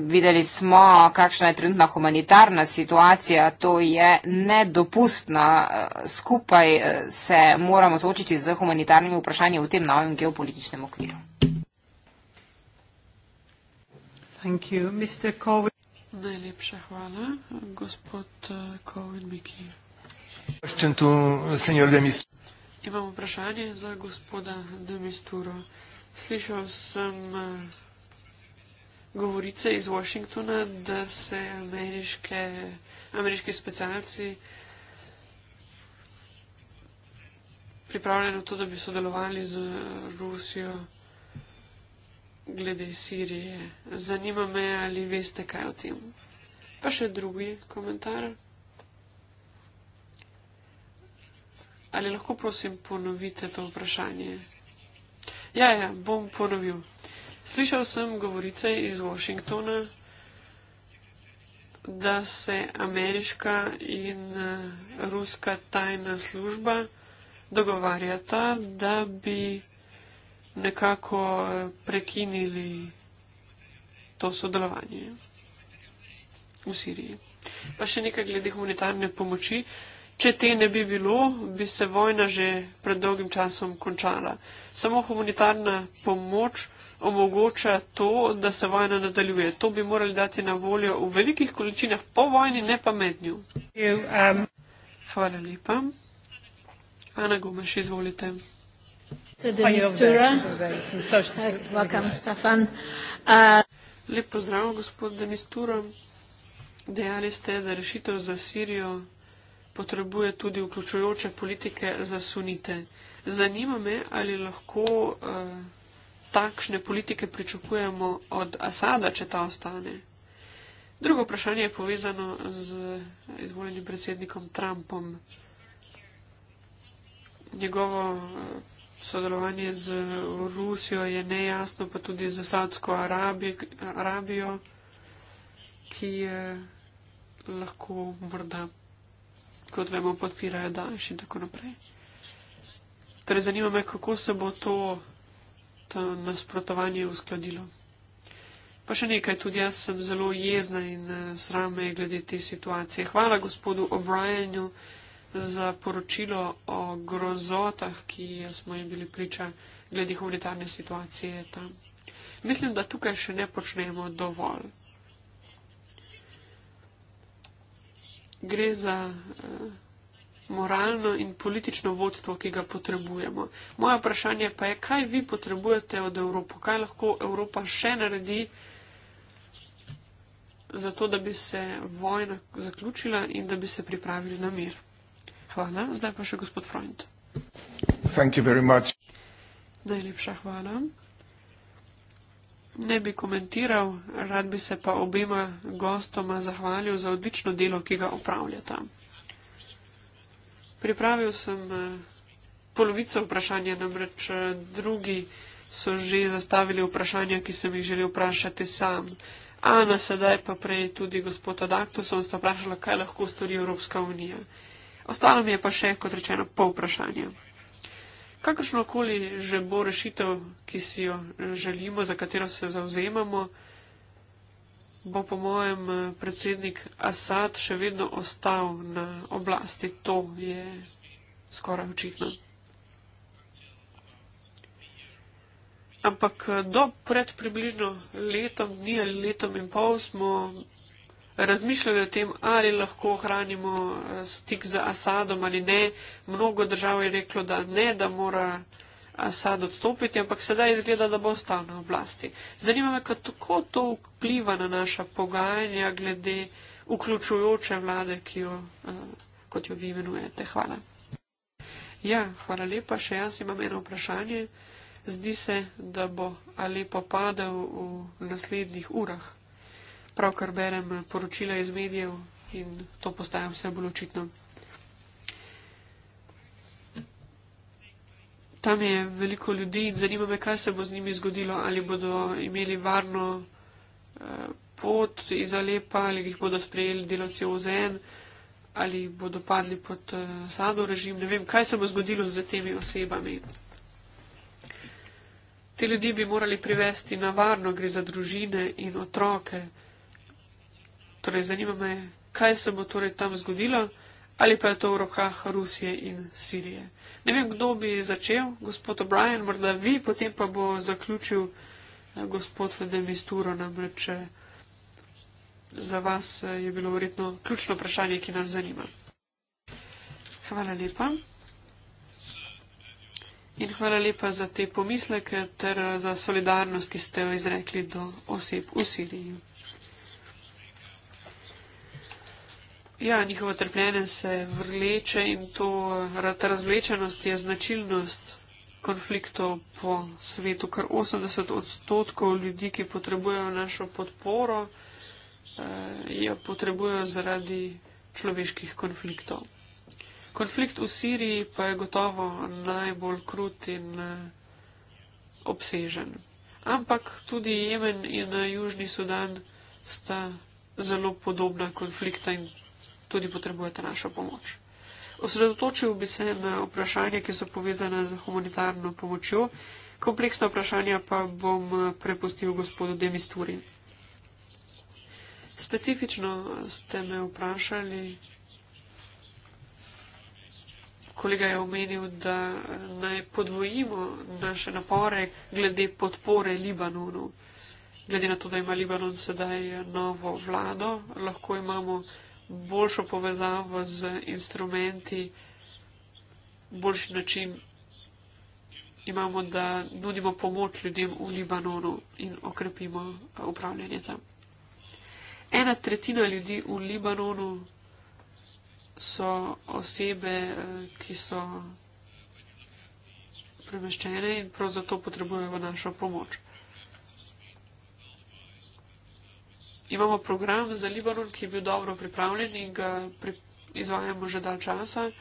videli smo, kakšna je trenutna humanitarna situacija. To je nedopustna. Eh, skupaj se moramo soočiti z humanitarnimi vprašanji v tem novem geopolitičnem okviru. Najlepša hvala. Gospod Kovin Miki. Hvala, gospod Kovin Miki. Imam vprašanje za gospoda Demisturo. Slišal sem eh, govorice iz Washingtona, da se ameriške, ameriški specialci pripravljajo na to, da bi sodelovali z Rusijo glede Sirije. Zanima me, ali veste kaj o tem. Pa še drugi komentar. Ali lahko prosim ponovite to vprašanje? Ja, ja, bom ponovil. Slišal sem govorice iz Washingtona, da se ameriška in eh, ruska tajna služba dogovarjata, da bi nekako eh, prekinili to sodelovanje v Siriji. Pa še nekaj glede humanitarne pomoči. Uh, Če te ne bi bilo, bi se vojna že pred dolgim časom končala. Samo humanitarna pomoč omogoča to, da se vojna nadaljuje. To bi morali dati na voljo v velikih količinah po vojni, ne pa mednju. Hvala lepa. Ana Gomes, izvolite. Lep pozdrav, gospod Denis Turam. Dejali ste, da rešitev za Sirijo potrebuje tudi vključujoče politike za sunite. Zanima me, ali lahko eh, takšne politike pričakujemo od Asada, če ta ostane. Drugo vprašanje je povezano z izvoljenim predsednikom Trumpom. Njegovo eh, sodelovanje z Rusijo je nejasno, pa tudi z Saudsko Arabijo, ki je lahko morda kot vemo, podpirajo danes in tako naprej. Torej, zanima me, kako se bo to, to nasprotovanje uskladilo. Pa še nekaj, tudi jaz sem zelo jezna in eh, srame glede te situacije. Hvala gospodu O'Brienu za poročilo o grozotah, ki smo jim bili priča glede humanitarne situacije tam. Mislim, da tukaj še ne počnemo dovolj. gre za uh, moralno in politično vodstvo, ki ga potrebujemo. Moje vprašanje pa je, kaj vi potrebujete od Evrope, kaj lahko Evropa še naredi za to, da bi se vojna zaključila in da bi se pripravili na mir. Hvala. Zdaj pa še gospod Freund. Najlepša hvala ne bi komentiral, rad bi se pa obema gostoma zahvalil za odlično delo, ki ga opravljata. Pripravil sem eh, polovico vprašanja, namreč eh, drugi so že zastavili vprašanja, ki sem jih želel vprašati sam. Ana sedaj pa prej tudi gospod Adaktus, sem sta vprašala, kaj lahko stori Evropska unija. Ostalo mi je pa še, kot rečeno, pol vprašanja kakršno koli že bo rešitev, ki si jo želimo, za katero se zauzemamo, bo po mojem predsednik Asad še vedno ostal na oblasti. To je skoraj očitno. Ampak do pred približno letom, ni ali letom in pol, smo razmišljali o tem, ali lahko ohranimo eh, stik z Asadom ali ne. Mnogo držav je reklo, da ne, da mora Asad odstopiti, ampak sedaj izgleda, da bo ostal na oblasti. Zanima me, kako to vpliva na naša pogajanja glede vključujoče vlade, ki jo, eh, kot jo vi imenujete. Hvala. Ja, hvala lepa. Še jaz imam eno vprašanje. Zdi se, da bo Alepo padel v naslednjih urah pravkar berem poročila iz medijev in to postaja vse bolj očitno. Tam je veliko ljudi in zanima me, kaj se bo z njimi zgodilo, ali bodo imeli varno eh, pot iz Alepa, ali jih bodo sprejeli delavci OZN, ali bodo padli pod eh, sadov režim. Ne vem, kaj se bo zgodilo z temi osebami. Te ljudi bi morali privesti na varno, gre za družine in otroke. Torej, zanima me, kaj se bo torej tam zgodilo, ali pa je to v rokah Rusije in Sirije. Ne vem, kdo bi začel, gospod O'Brien, morda vi, potem pa bo zaključil eh, gospod Demisturo, namreč eh, za vas eh, je bilo verjetno ključno vprašanje, ki nas zanima. Hvala lepa. In hvala lepa za te pomisleke ter za solidarnost, ki ste jo izrekli do oseb v Siriji. Ja, njihovo trpljenje se vrleče in to razvlečenost je značilnost konfliktov po svetu. Kar 80 odstotkov ljudi, ki potrebujejo našo podporo, eh, jo potrebujejo zaradi človeških konfliktov. Konflikt v Siriji pa je gotovo najbolj krut in eh, obsežen. Ampak tudi Jemen in eh, Južni Sudan sta zelo podobna konflikta in tudi potrebujete našo pomoč. Osredotočil bi se na vprašanja, ki so povezane z humanitarno pomočjo, kompleksna vprašanja pa bom prepustil gospodu Demisturi. Specifično ste me vprašali, kolega je omenil, da naj podvojimo naše napore glede podpore Libanonu. Glede na to, da ima Libanon sedaj novo vlado, lahko imamo boljšo povezavo z instrumenti, boljši način imamo, da nudimo pomoč ljudem v Libanonu in okrepimo eh, upravljanje tam. Ena tretjina ljudi v Libanonu so osebe, eh, ki so premeščene in prav zato potrebujejo našo pomoč. imamo program za Libanon, ki je bil dobro pripravljen in ga pri, izvajamo že dal časa.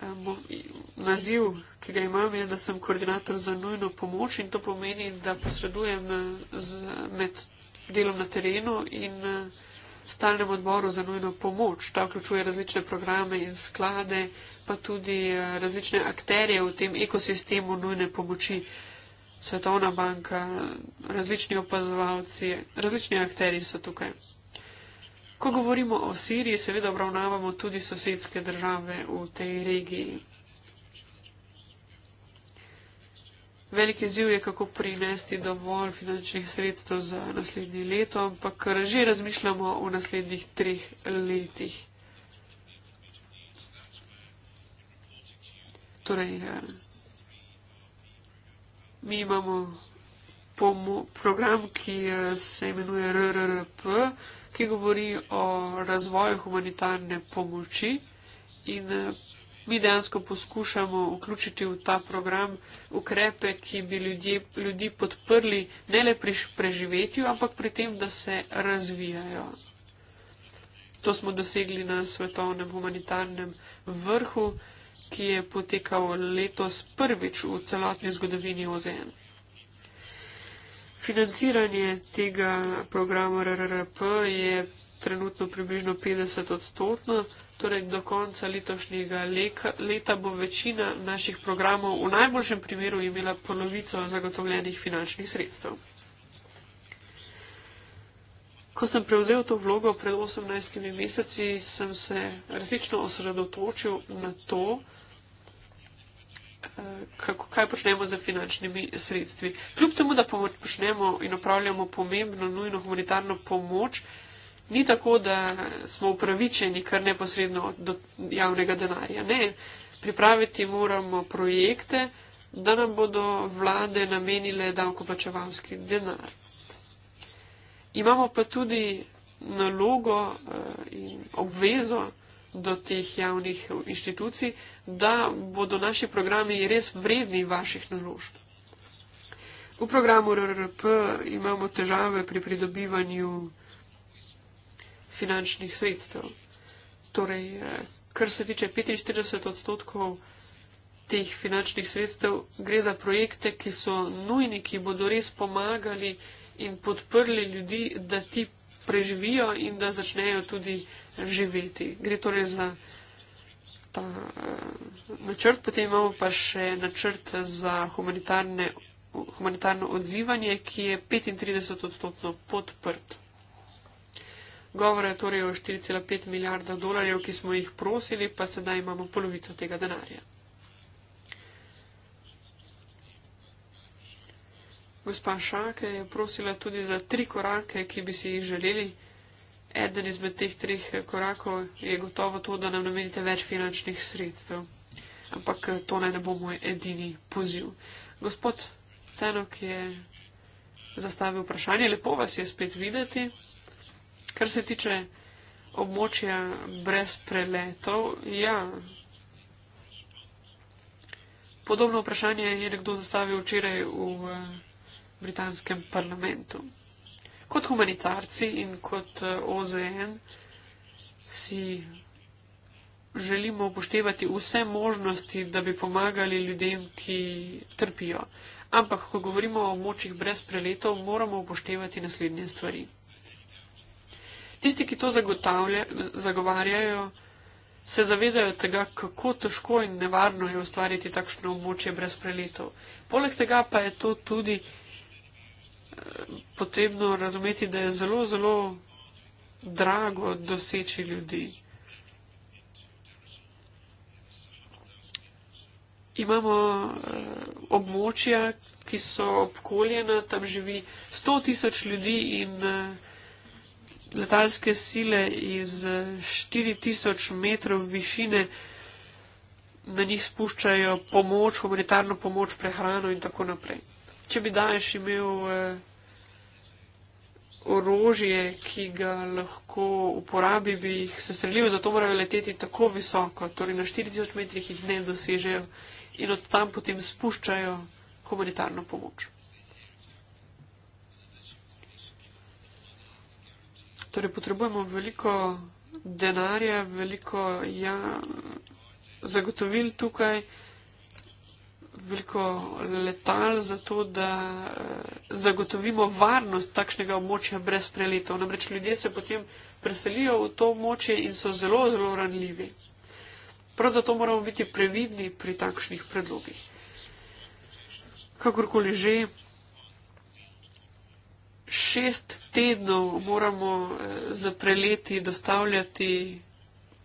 Eh, naziv, ki ga imam, je, da sem koordinator za nujno pomoč in to pomeni, da posredujem eh, z, med delom na terenu in eh, stalnem odboru za nujno pomoč. Ta vključuje različne programe in sklade, pa tudi različne akterje v tem ekosistemu nujne pomoči. Svetovna banka, različni opazovalci, različni akteri so tukaj. Ko govorimo o Siriji, seveda obravnavamo tudi sosedske države v tej regiji. Veliki ziv je, kako prinesti dovolj finančnih sredstev za naslednje leto, ampak že razmišljamo o naslednjih treh letih. Torej, eh, mi imamo program, ki eh, se imenuje RRP, ki govori o razvoju humanitarne pomoči in eh, mi dejansko poskušamo vključiti v ta program ukrepe, ki bi ljudje, ljudi podprli ne le pri preživetju, ampak pri tem, da se razvijajo. To smo dosegli na svetovnem humanitarnem vrhu ki je potekal letos prvič v celotni zgodovini OZN. Financiranje tega programa RRP je trenutno približno 50 odstotno, torej do konca letošnjega leta bo večina naših programov v najboljšem primeru imela polovico zagotovljenih finančnih sredstev. Ko sem prevzel to vlogo pred 18 meseci, sem se resnično osredotočil na to, kako, kaj počnemo z finančnimi sredstvi. Kljub temu, da počnemo in opravljamo pomembno, nujno humanitarno pomoč, ni tako, da smo upravičeni kar neposredno do javnega denarja. Ne, pripraviti moramo projekte, da nam bodo vlade namenile davkoplačevalski denar. Imamo pa tudi nalogo eh, in obvezo, do teh javnih inštitucij, da bodo naši programi res vredni vaših naložb. V programu RRP imamo težave pri pridobivanju finančnih sredstev. Torej, eh, kar se tiče 45 odstotkov teh finančnih sredstev, gre za projekte, ki so nujni, ki bodo res pomagali in podprli ljudi, da ti preživijo in da začnejo tudi živeti. Gre torej za ta eh, načrt, potem imamo pa še načrt za humanitarno odzivanje, ki je 35 odstotno podprt. Govore torej o 4,5 milijarda dolarjev, ki smo jih prosili, pa sedaj imamo polovico tega denarja. Gospa Šake je prosila tudi za tri korake, ki bi si jih želeli eden izmed teh treh eh, korakov je gotovo to, da nam namenite več finančnih sredstev. Ampak eh, to naj ne bo moj edini poziv. Gospod Tenok je zastavil vprašanje, lepo vas je spet videti. Kar se tiče območja brez preletov, ja. Podobno vprašanje je nekdo zastavil včeraj v eh, britanskem parlamentu kot humanitarci in kot eh, OZN si želimo upoštevati vse možnosti, da bi pomagali ljudem, ki trpijo. Ampak, ko govorimo o močih brez preletov, moramo upoštevati naslednje stvari. Tisti, ki to zagovarjajo, se zavedajo tega, kako težko in nevarno je ustvariti takšno območje brez preletov. Poleg tega pa je to tudi potrebno razumeti, da je zelo, zelo drago doseči ljudi. Imamo eh, območja, ki so obkoljena, tam živi 100 tisoč ljudi in eh, letalske sile iz 4 eh, tisoč metrov višine na njih spuščajo pomoč, humanitarno pomoč, prehrano in tako naprej če bi danes imel eh, orožje, ki ga lahko uporabi, bi jih sestrelil, zato morajo leteti tako visoko, torej na 4000 metrih jih ne dosežejo in od tam potem spuščajo humanitarno pomoč. Torej, potrebujemo veliko denarja, veliko ja, zagotovil tukaj veliko letal, zato da eh, zagotovimo varnost takšnega območja brez preletov. Namreč ljudje se potem preselijo v to območje in so zelo, zelo ranljivi. Prav zato moramo biti previdni pri takšnih predlogih. Kakorkoli že, šest tednov moramo eh, za preleti dostavljati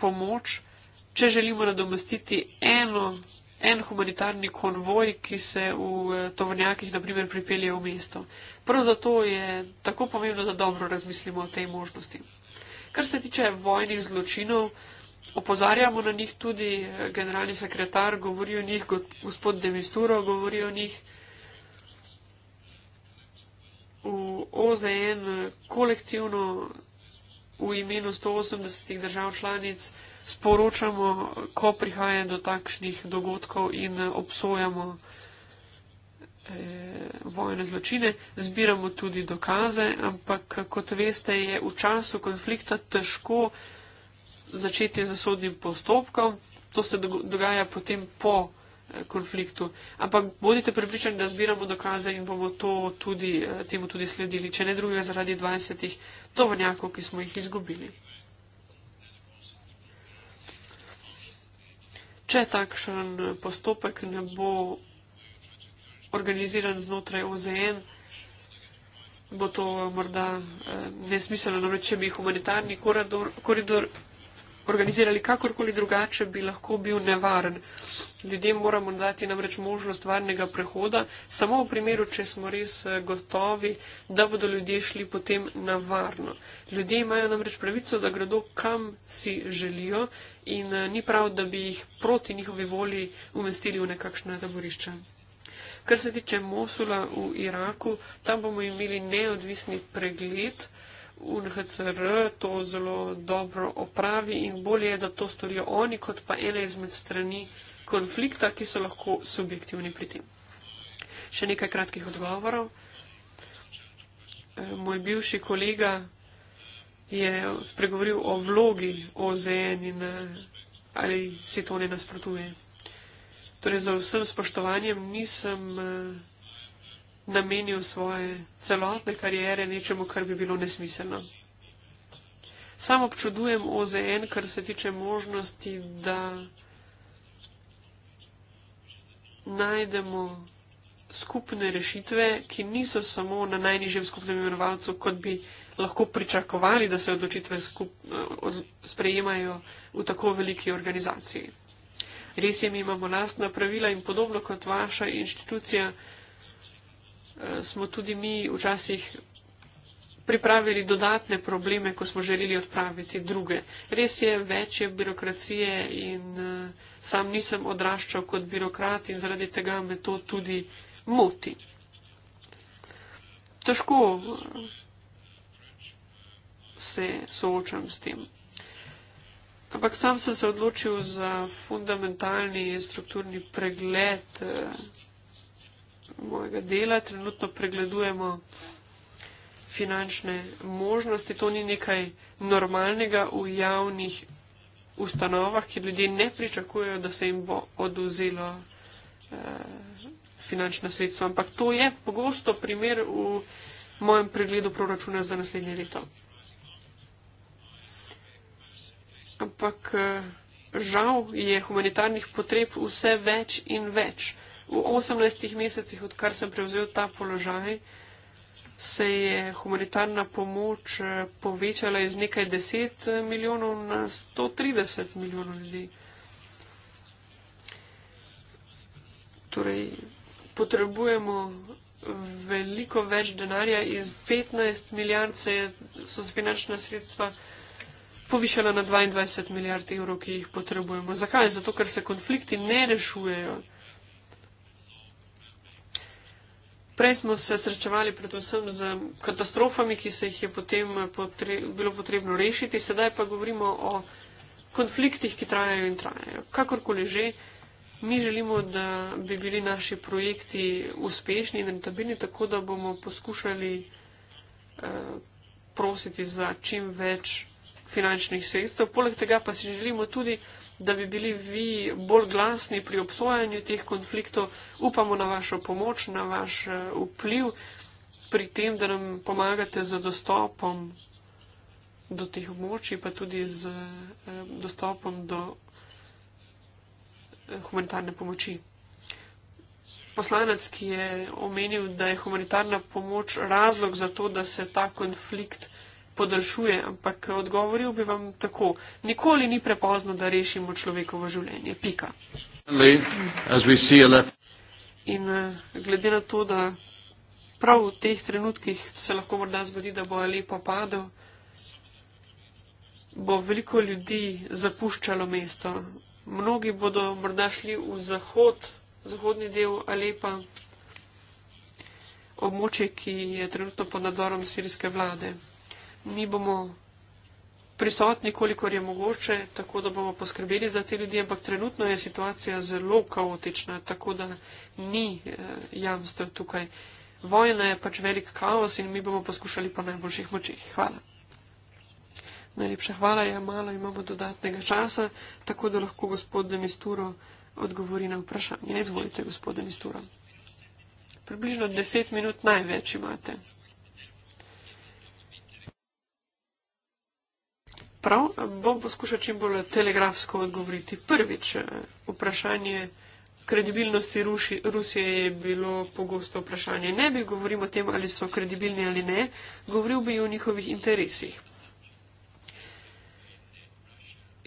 pomoč, če želimo nadomestiti eno en humanitarni konvoj, ki se v eh, tovornjakih, naprimer, pripelje v mesto. Prav zato je tako pomembno, da dobro razmislimo o tej možnosti. Kar se tiče vojnih zločinov, opozarjamo na njih tudi eh, generalni sekretar, govori o njih gospod Demisturo, govori o njih v OZN eh, kolektivno v imenu 180 držav članic sporočamo, ko prihaja do takšnih dogodkov in obsojamo eh, vojne zločine. Zbiramo tudi dokaze, ampak kot veste, je v času konflikta težko začeti z sodnim postopkom. To se dogaja potem po eh, konfliktu. Ampak bodite pripričani, da zbiramo dokaze in bomo to tudi, eh, temu tudi sledili, če ne drugega zaradi 20 tovrnjakov, ki smo jih izgubili. če takšen postopek ne bo organiziran znotraj OZN, bo to morda eh, nesmiselno, če bi humanitarni koridor, koridor organizirali kakorkoli drugače, bi lahko bil nevaren. Ljudem moramo dati namreč možnost varnega prehoda, samo v primeru, če smo res eh, gotovi, da bodo ljudje šli potem na varno. Ljudje imajo namreč pravico, da gredo kam si želijo in eh, ni prav, da bi jih proti njihovi volji umestili v nekakšna taborišča. Kar se tiče Mosula v Iraku, tam bomo imeli neodvisni pregled. UNHCR to zelo dobro opravi in bolje je, da to storijo oni, kot pa ena izmed strani konflikta, ki so lahko subjektivni pri tem. Še nekaj kratkih odgovorov. Eh, moj bivši kolega je spregovoril o vlogi OZN in eh, ali si to ne nasprotuje. Torej, za vsem spoštovanjem nisem. Uh, namenil svoje celotne karijere nečemu, kar bi bilo nesmiselno. Sam občudujem OZN, kar se tiče možnosti, da najdemo skupne rešitve, ki niso samo na najnižjem skupnem imenovalcu, kot bi lahko pričakovali, da se odločitve skup, od, sprejemajo v tako veliki organizaciji. Res je, mi imamo lastna pravila in podobno kot vaša inštitucija, smo tudi mi včasih pripravili dodatne probleme, ko smo želeli odpraviti druge. Res je, več je birokracije in eh, sam nisem odraščal kot birokrat in zaradi tega me to tudi moti. Težko eh, se soočam s tem. Ampak sam sem se odločil za fundamentalni strukturni pregled eh, mojega dela. Trenutno pregledujemo finančne možnosti. To ni nekaj normalnega v javnih ustanovah, ki ljudje ne pričakujejo, da se jim bo oduzelo eh, finančna sredstva. Ampak to je pogosto primer v mojem pregledu proračuna za naslednje leto. Ampak eh, žal je humanitarnih potreb vse več in več. V 18 mesecih, odkar sem prevzel ta položaj, se je humanitarna pomoč eh, povečala iz nekaj 10 eh, milijonov na 130 milijonov ljudi. Torej, potrebujemo eh, veliko več denarja. Iz 15 milijard se je, so se finančna sredstva povišala na 22 milijard evrov, ki jih potrebujemo. Zakaj? Zato, ker se konflikti ne rešujejo. prej smo se srečevali predvsem z katastrofami, ki se jih je potem potre, bilo potrebno rešiti, sedaj pa govorimo o konfliktih, ki trajajo in trajajo. Kakorkoli že, mi želimo, da bi bili naši projekti uspešni in rentabilni, tako da bomo poskušali eh, prositi za čim več finančnih sredstev. Poleg tega pa si želimo tudi, da bi bili vi bolj glasni pri obsojanju teh konfliktov. Upamo na vašo pomoč, na vaš eh, vpliv pri tem, da nam pomagate z dostopom do teh območij, pa tudi z eh, dostopom do eh, humanitarne pomoči. Poslanec, ki je omenil, da je humanitarna pomoč razlog za to, da se ta konflikt podaljšuje, ampak odgovoril bi vam tako. Nikoli ni prepozno, da rešimo človekovo življenje. Pika. In eh, glede na to, da prav v teh trenutkih se lahko morda zgodi, da bo lepo padel, bo veliko ljudi zapuščalo mesto. Mnogi bodo morda šli v zahod, zahodni del Alepa, območje, ki je trenutno pod nadzorom sirske vlade mi bomo prisotni, kolikor je mogoče, tako da bomo poskrbeli za te ljudi, ampak trenutno je situacija zelo kaotična, tako da ni eh, jamstva tukaj. Vojna je pač velik kaos in mi bomo poskušali po najboljših močih. Hvala. Najlepša hvala, ja, malo imamo dodatnega časa, tako da lahko gospod Demisturo odgovori na vprašanje. Izvolite, gospod Demisturo. Približno deset minut največ imate. Prav, bom poskušal čim bolj telegrafsko odgovoriti. Prvič, eh, vprašanje kredibilnosti Ruši, Rusije je bilo pogosto vprašanje. Ne bi govoril o tem, ali so kredibilni ali ne, govoril bi o njihovih interesih.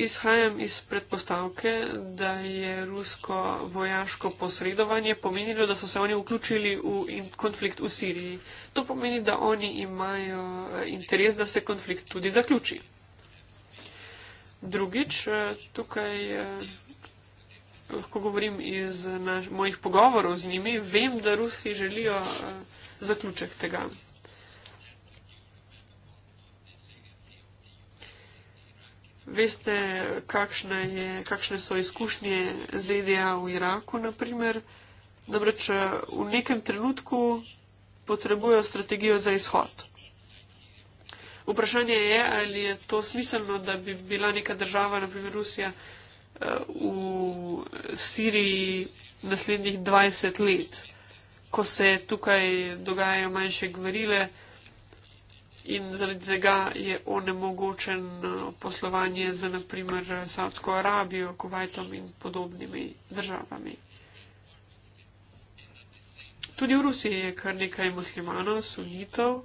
Izhajam iz predpostavke, da je rusko vojaško posredovanje pomenilo, da so se oni vključili v konflikt v Siriji. To pomeni, da oni imajo eh, interes, da se konflikt tudi zaključi. Drugič, eh, tukaj eh, lahko govorim iz naš, mojih pogovorov z njimi, vem, da Rusi želijo eh, zaključek tega. Veste, kakšne, je, kakšne so izkušnje ZDA v Iraku, naprimer. Namreč v nekem trenutku potrebujejo strategijo za izhod. Vprašanje je, ali je to smiselno, da bi bila neka država, naprimer Rusija, eh, v Siriji naslednjih 20 let, ko se tukaj dogajajo manjše gvarile in zaradi tega je onemogočen poslovanje z naprimer Saudsko Arabijo, Kuwaitom in podobnimi državami. Tudi v Rusiji je kar nekaj muslimanov, sunitov.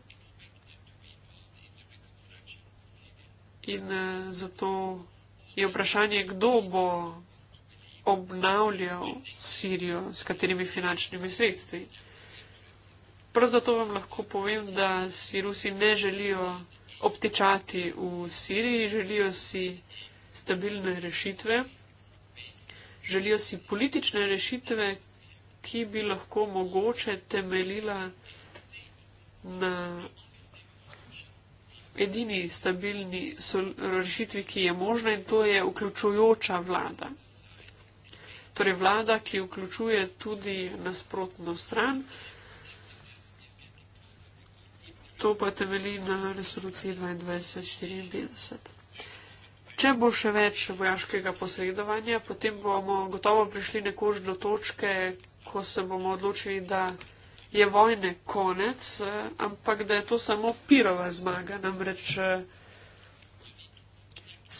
In eh, zato je vprašanje, kdo bo obnavljal Sirijo s katerimi finančnimi sredstvi. Prav zato vam lahko povem, da si Rusi ne želijo obtečati v Siriji, želijo si stabilne rešitve, želijo si politične rešitve, ki bi lahko mogoče temeljila na edini stabilni rešitvi, ki je možna in to je vključujoča vlada. Torej vlada, ki vključuje tudi nasprotno stran. To pa temelji na resoluciji 2254. Če bo še več vojaškega posredovanja, potem bomo gotovo prišli nekož do točke, ko se bomo odločili, da je vojne konec, eh, ampak da je to samo pirova zmaga. Namreč eh,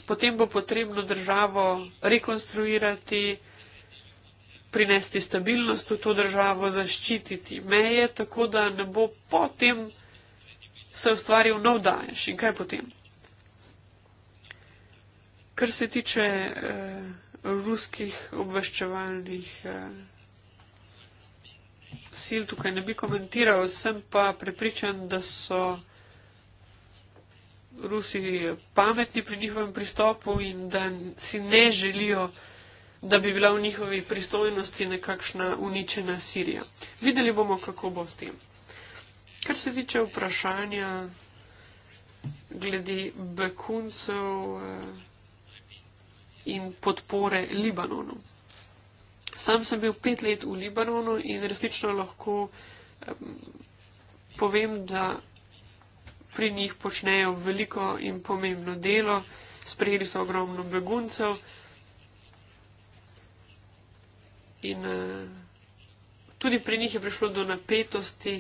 potem bo potrebno državo rekonstruirati, prinesti stabilnost v to državo, zaščititi meje, tako da ne bo potem se ustvaril nov daješ. In kaj potem? Kar se tiče eh, ruskih obveščevalnih. Eh, sil tukaj ne bi komentiral, sem pa prepričan, da so Rusi pametni pri njihovem pristopu in da si ne želijo, da bi bila v njihovi pristojnosti nekakšna uničena Sirija. Videli bomo, kako bo s tem. Kar se tiče vprašanja glede bekuncev eh, in podpore Libanonu. Sam sem bil pet let v Libanonu in resnično lahko um, povem, da pri njih počnejo veliko in pomembno delo. Sprejeli so ogromno beguncev in uh, tudi pri njih je prišlo do napetosti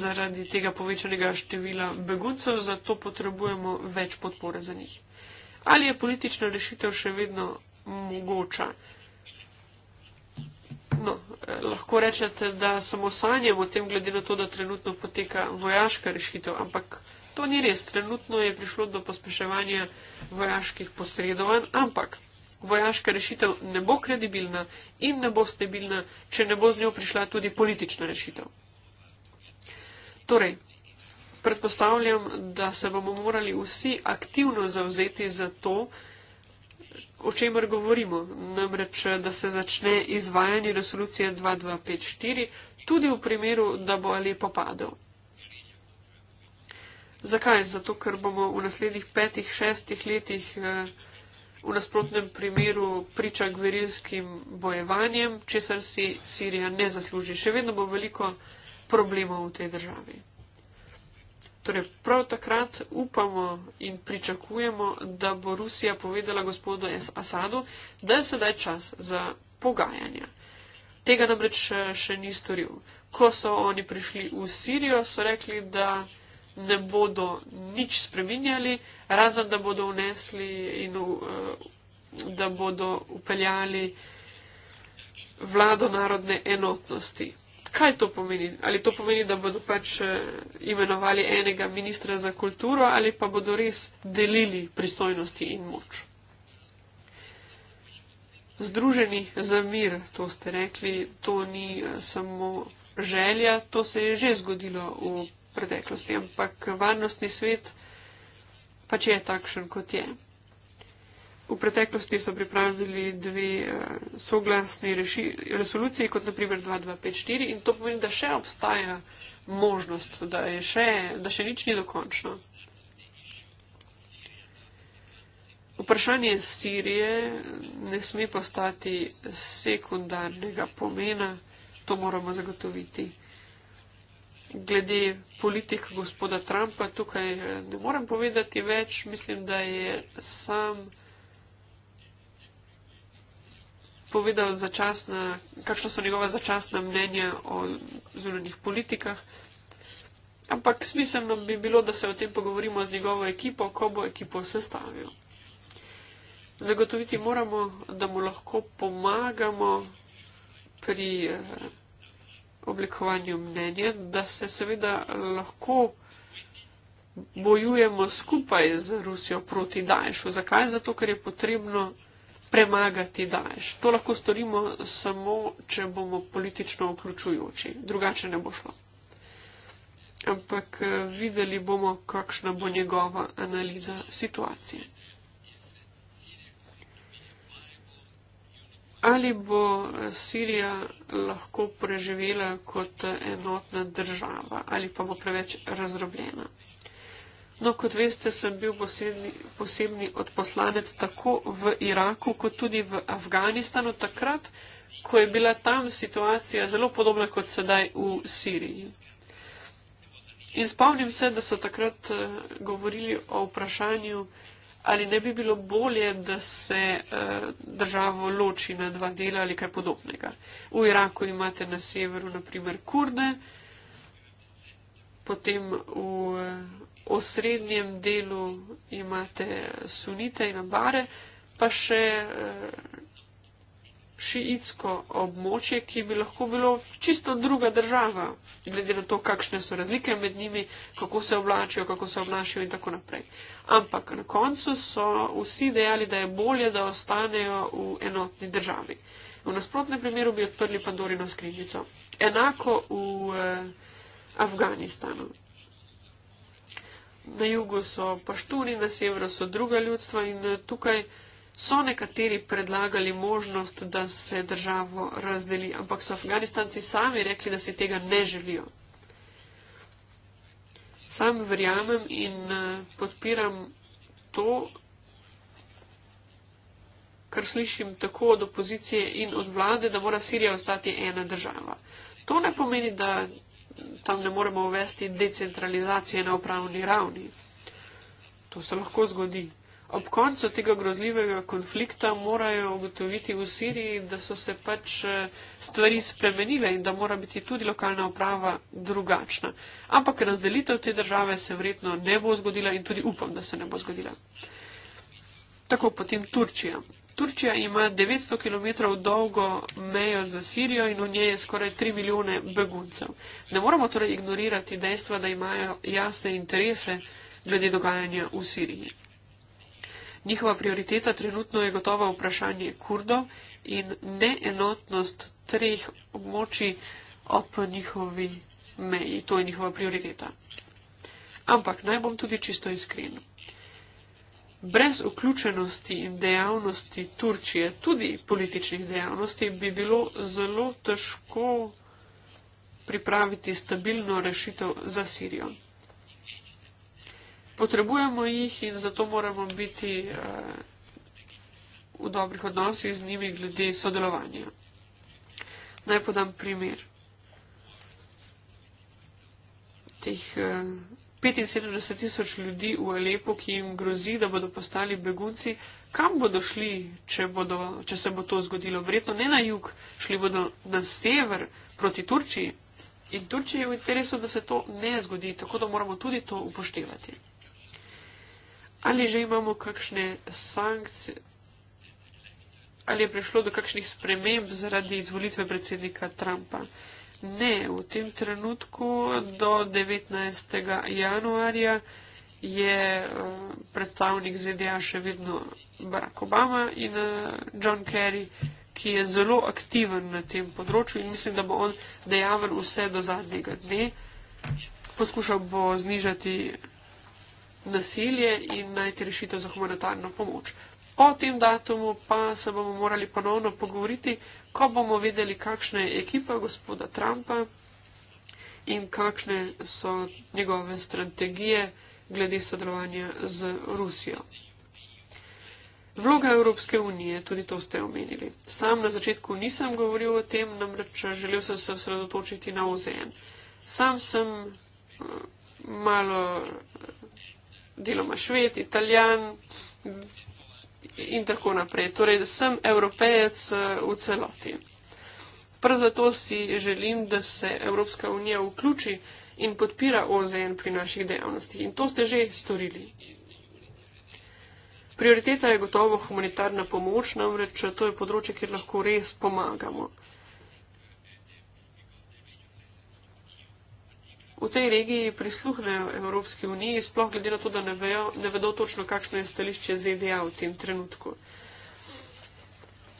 zaradi tega povečanega števila beguncev, zato potrebujemo več podpore za njih. Ali je politična rešitev še vedno mogoča? skupno. Eh, lahko rečete, da samo sanjamo o tem, glede na to, da trenutno poteka vojaška rešitev, ampak to ni res. Trenutno je prišlo do pospeševanja vojaških posredovanj, ampak vojaška rešitev ne bo kredibilna in ne bo stabilna, če ne bo z njo prišla tudi politična rešitev. Torej, predpostavljam, da se bomo morali vsi aktivno zavzeti za to, da o čemer govorimo, namreč, da se začne izvajanje resolucije 2254 tudi v primeru, da bo Alepo padel. Zakaj? Zato, ker bomo v naslednjih petih, šestih letih eh, v nasprotnem primeru priča gverilskim bojevanjem, česar si Sirija ne zasluži. Še vedno bo veliko problemov v tej državi. Torej, prav takrat upamo in pričakujemo, da bo Rusija povedala gospodu Asadu, da je sedaj čas za pogajanja. Tega namreč eh, še ni storil. Ko so oni prišli v Sirijo, so rekli, da ne bodo nič spreminjali, razen da bodo vnesli in eh, da bodo upeljali vlado narodne enotnosti. Kaj to pomeni? Ali to pomeni, da bodo pač eh, imenovali enega ministra za kulturo ali pa bodo res delili pristojnosti in moč? Združeni za mir, to ste rekli, to ni eh, samo želja, to se je že zgodilo v preteklosti, ampak varnostni svet pač je takšen, kot je. V preteklosti so pripravili dve eh, soglasni reši, resoluciji, kot naprimer 2254 in to pomeni, da še obstaja možnost, da, še, da še nič ni dokončno. Vprašanje Sirije ne sme postati sekundarnega pomena, to moramo zagotoviti. Glede politik gospoda Trumpa tukaj eh, ne morem povedati več, mislim, da je sam. povedal, začasna, kakšno so njegova začasna mnenja o zunanjih politikah. Ampak smiselno bi bilo, da se o tem pogovorimo z njegovo ekipo, ko bo ekipo sestavil. Zagotoviti moramo, da mu lahko pomagamo pri eh, oblikovanju mnenja, da se seveda lahko bojujemo skupaj z Rusijo proti Daješu. Zakaj? Zato, ker je potrebno premagati daješ. To lahko storimo samo, če bomo politično vključujoči. Drugače ne bo šlo. Ampak eh, videli bomo, kakšna bo njegova analiza situacije. Ali bo eh, Sirija lahko preživela kot eh, enotna država ali pa bo preveč razrobljena? No, kot veste, sem bil posebni, posebni odposlanec tako v Iraku, kot tudi v Afganistanu takrat, ko je bila tam situacija zelo podobna kot sedaj v Siriji. In spomnim se, da so takrat eh, govorili o vprašanju, ali ne bi bilo bolje, da se eh, državo loči na dva dela ali kaj podobnega. V Iraku imate na severu, naprimer, kurde, potem v osrednjem delu imate sunite in abare, pa še eh, šiitsko območje, ki bi lahko bilo čisto druga država, glede na to, kakšne so razlike med njimi, kako se oblačijo, kako se obnašajo in tako naprej. Ampak na koncu so vsi dejali, da je bolje, da ostanejo v enotni državi. V nasprotnem primeru bi odprli Pandorino skrinjico. Enako v eh, Afganistanu na jugu so paštuni, na severu so druga ljudstva in eh, tukaj so nekateri predlagali možnost, da se državo razdeli, ampak so Afganistanci sami rekli, da si tega ne želijo. Sam verjamem in eh, podpiram to, kar slišim tako od opozicije in od vlade, da mora Sirija ostati ena država. To ne pomeni, da tam ne moremo uvesti decentralizacije na upravni ravni. To se lahko zgodi. Ob koncu tega grozljivega konflikta morajo ugotoviti v Siriji, da so se pač eh, stvari spremenile in da mora biti tudi lokalna uprava drugačna. Ampak razdelitev te države se verjetno ne bo zgodila in tudi upam, da se ne bo zgodila. Tako potem Turčija. Turčija ima 900 km dolgo mejo za Sirijo in v njej je skoraj 3 milijone beguncev. Ne moramo torej ignorirati dejstva, da imajo jasne interese glede dogajanja v Siriji. Njihova prioriteta trenutno je gotovo vprašanje kurdov in neenotnost treh območji ob njihovi meji. To je njihova prioriteta. Ampak naj bom tudi čisto iskren. Brez vključenosti in dejavnosti Turčije, tudi političnih dejavnosti, bi bilo zelo težko pripraviti stabilno rešitev za Sirijo. Potrebujemo jih in zato moramo biti eh, v dobrih odnosih z njimi glede sodelovanja. Naj podam primer teh eh, 75 tisoč ljudi v Alepu, ki jim grozi, da bodo postali begunci, kam bodo šli, če, bodo, če se bo to zgodilo? Verjetno ne na jug, šli bodo na sever proti Turčiji. In Turčiji je v interesu, da se to ne zgodi, tako da moramo tudi to upoštevati. Ali že imamo kakšne sankcije? Ali je prišlo do kakšnih sprememb zaradi izvolitve predsednika Trumpa? Ne, v tem trenutku do 19. januarja je eh, predstavnik ZDA še vedno Barack Obama in eh, John Kerry, ki je zelo aktiven na tem področju in mislim, da bo on dejaven vse do zadnjega dne. Poskušal bo znižati nasilje in najti rešitev za humanitarno pomoč. O tem datumu pa se bomo morali ponovno pogovoriti, ko bomo vedeli, kakšna je ekipa gospoda Trumpa in kakšne so njegove strategije glede sodelovanja z Rusijo. Vloga Evropske unije, tudi to ste omenili. Sam na začetku nisem govoril o tem, namreč želel sem se osredotočiti na OZN. Sam sem eh, malo eh, deloma šved, italijan, in tako naprej. Torej, sem evropejec eh, v celoti. Prv zato si želim, da se Evropska unija vključi in podpira OZN pri naših dejavnostih. In to ste že storili. Prioriteta je gotovo humanitarna pomoč, namreč eh, to je področje, kjer lahko res pomagamo. v tej regiji prisluhnejo Evropski uniji, sploh glede na to, da ne, vejo, ne vedo točno, kakšno je stališče ZDA v tem trenutku.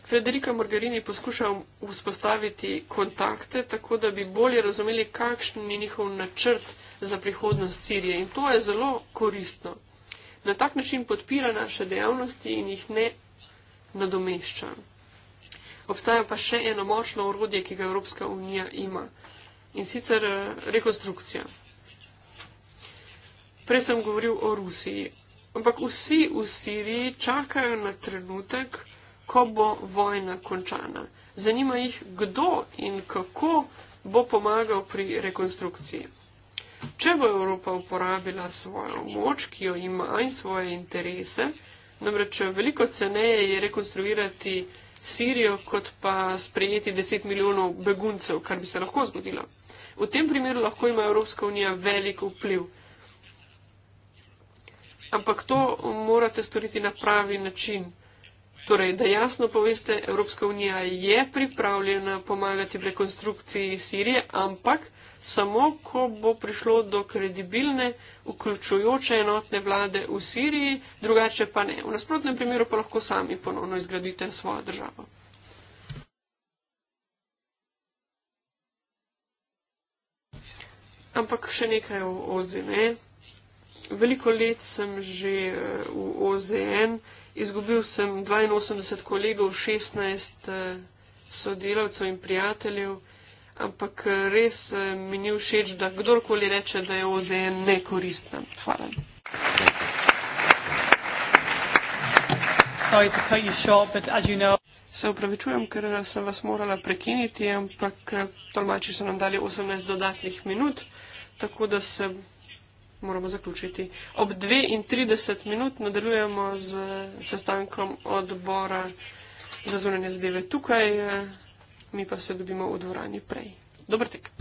Federica Morgarini poskuša vzpostaviti kontakte, tako da bi bolje razumeli, kakšen je njihov načrt za prihodnost Sirije. In to je zelo koristno. Na tak način podpira naše dejavnosti in jih ne nadomešča. Obstaja pa še eno močno orodje, ki ga Evropska unija ima in sicer eh, rekonstrukcija. Prej sem govoril o Rusiji, ampak vsi v Siriji čakajo na trenutek, ko bo vojna končana. Zanima jih, kdo in kako bo pomagal pri rekonstrukciji. Če bo Evropa uporabila svojo moč, ki jo ima in svoje interese, namreč veliko ceneje je rekonstruirati Sirijo, kot pa sprejeti 10 milijonov beguncev, kar bi se lahko zgodilo. V tem primeru lahko ima Evropska unija velik vpliv. Ampak to morate storiti na pravi način. Torej, da jasno poveste, Evropska unija je pripravljena pomagati v rekonstrukciji Sirije, ampak samo, ko bo prišlo do kredibilne vključujoče enotne vlade v Siriji, drugače pa ne. V nasprotnem primeru pa lahko sami ponovno izgradite svojo državo. Ampak še nekaj o OZNE. Veliko let sem že eh, v OZN, izgubil sem 82 kolegov, 16 eh, sodelavcev in prijateljev ampak res eh, mi ni všeč, da kdorkoli reče, da je OZN nekoristna. Hvala. Se upravičujem, ker sem vas morala prekiniti, ampak eh, tolmači so nam dali 18 dodatnih minut, tako da se moramo zaključiti. Ob 32 minut nadaljujemo z sestankom odbora za zunanje zadeve tukaj. Eh, mi pa se dobimo v dvorani prej. Dobr tek.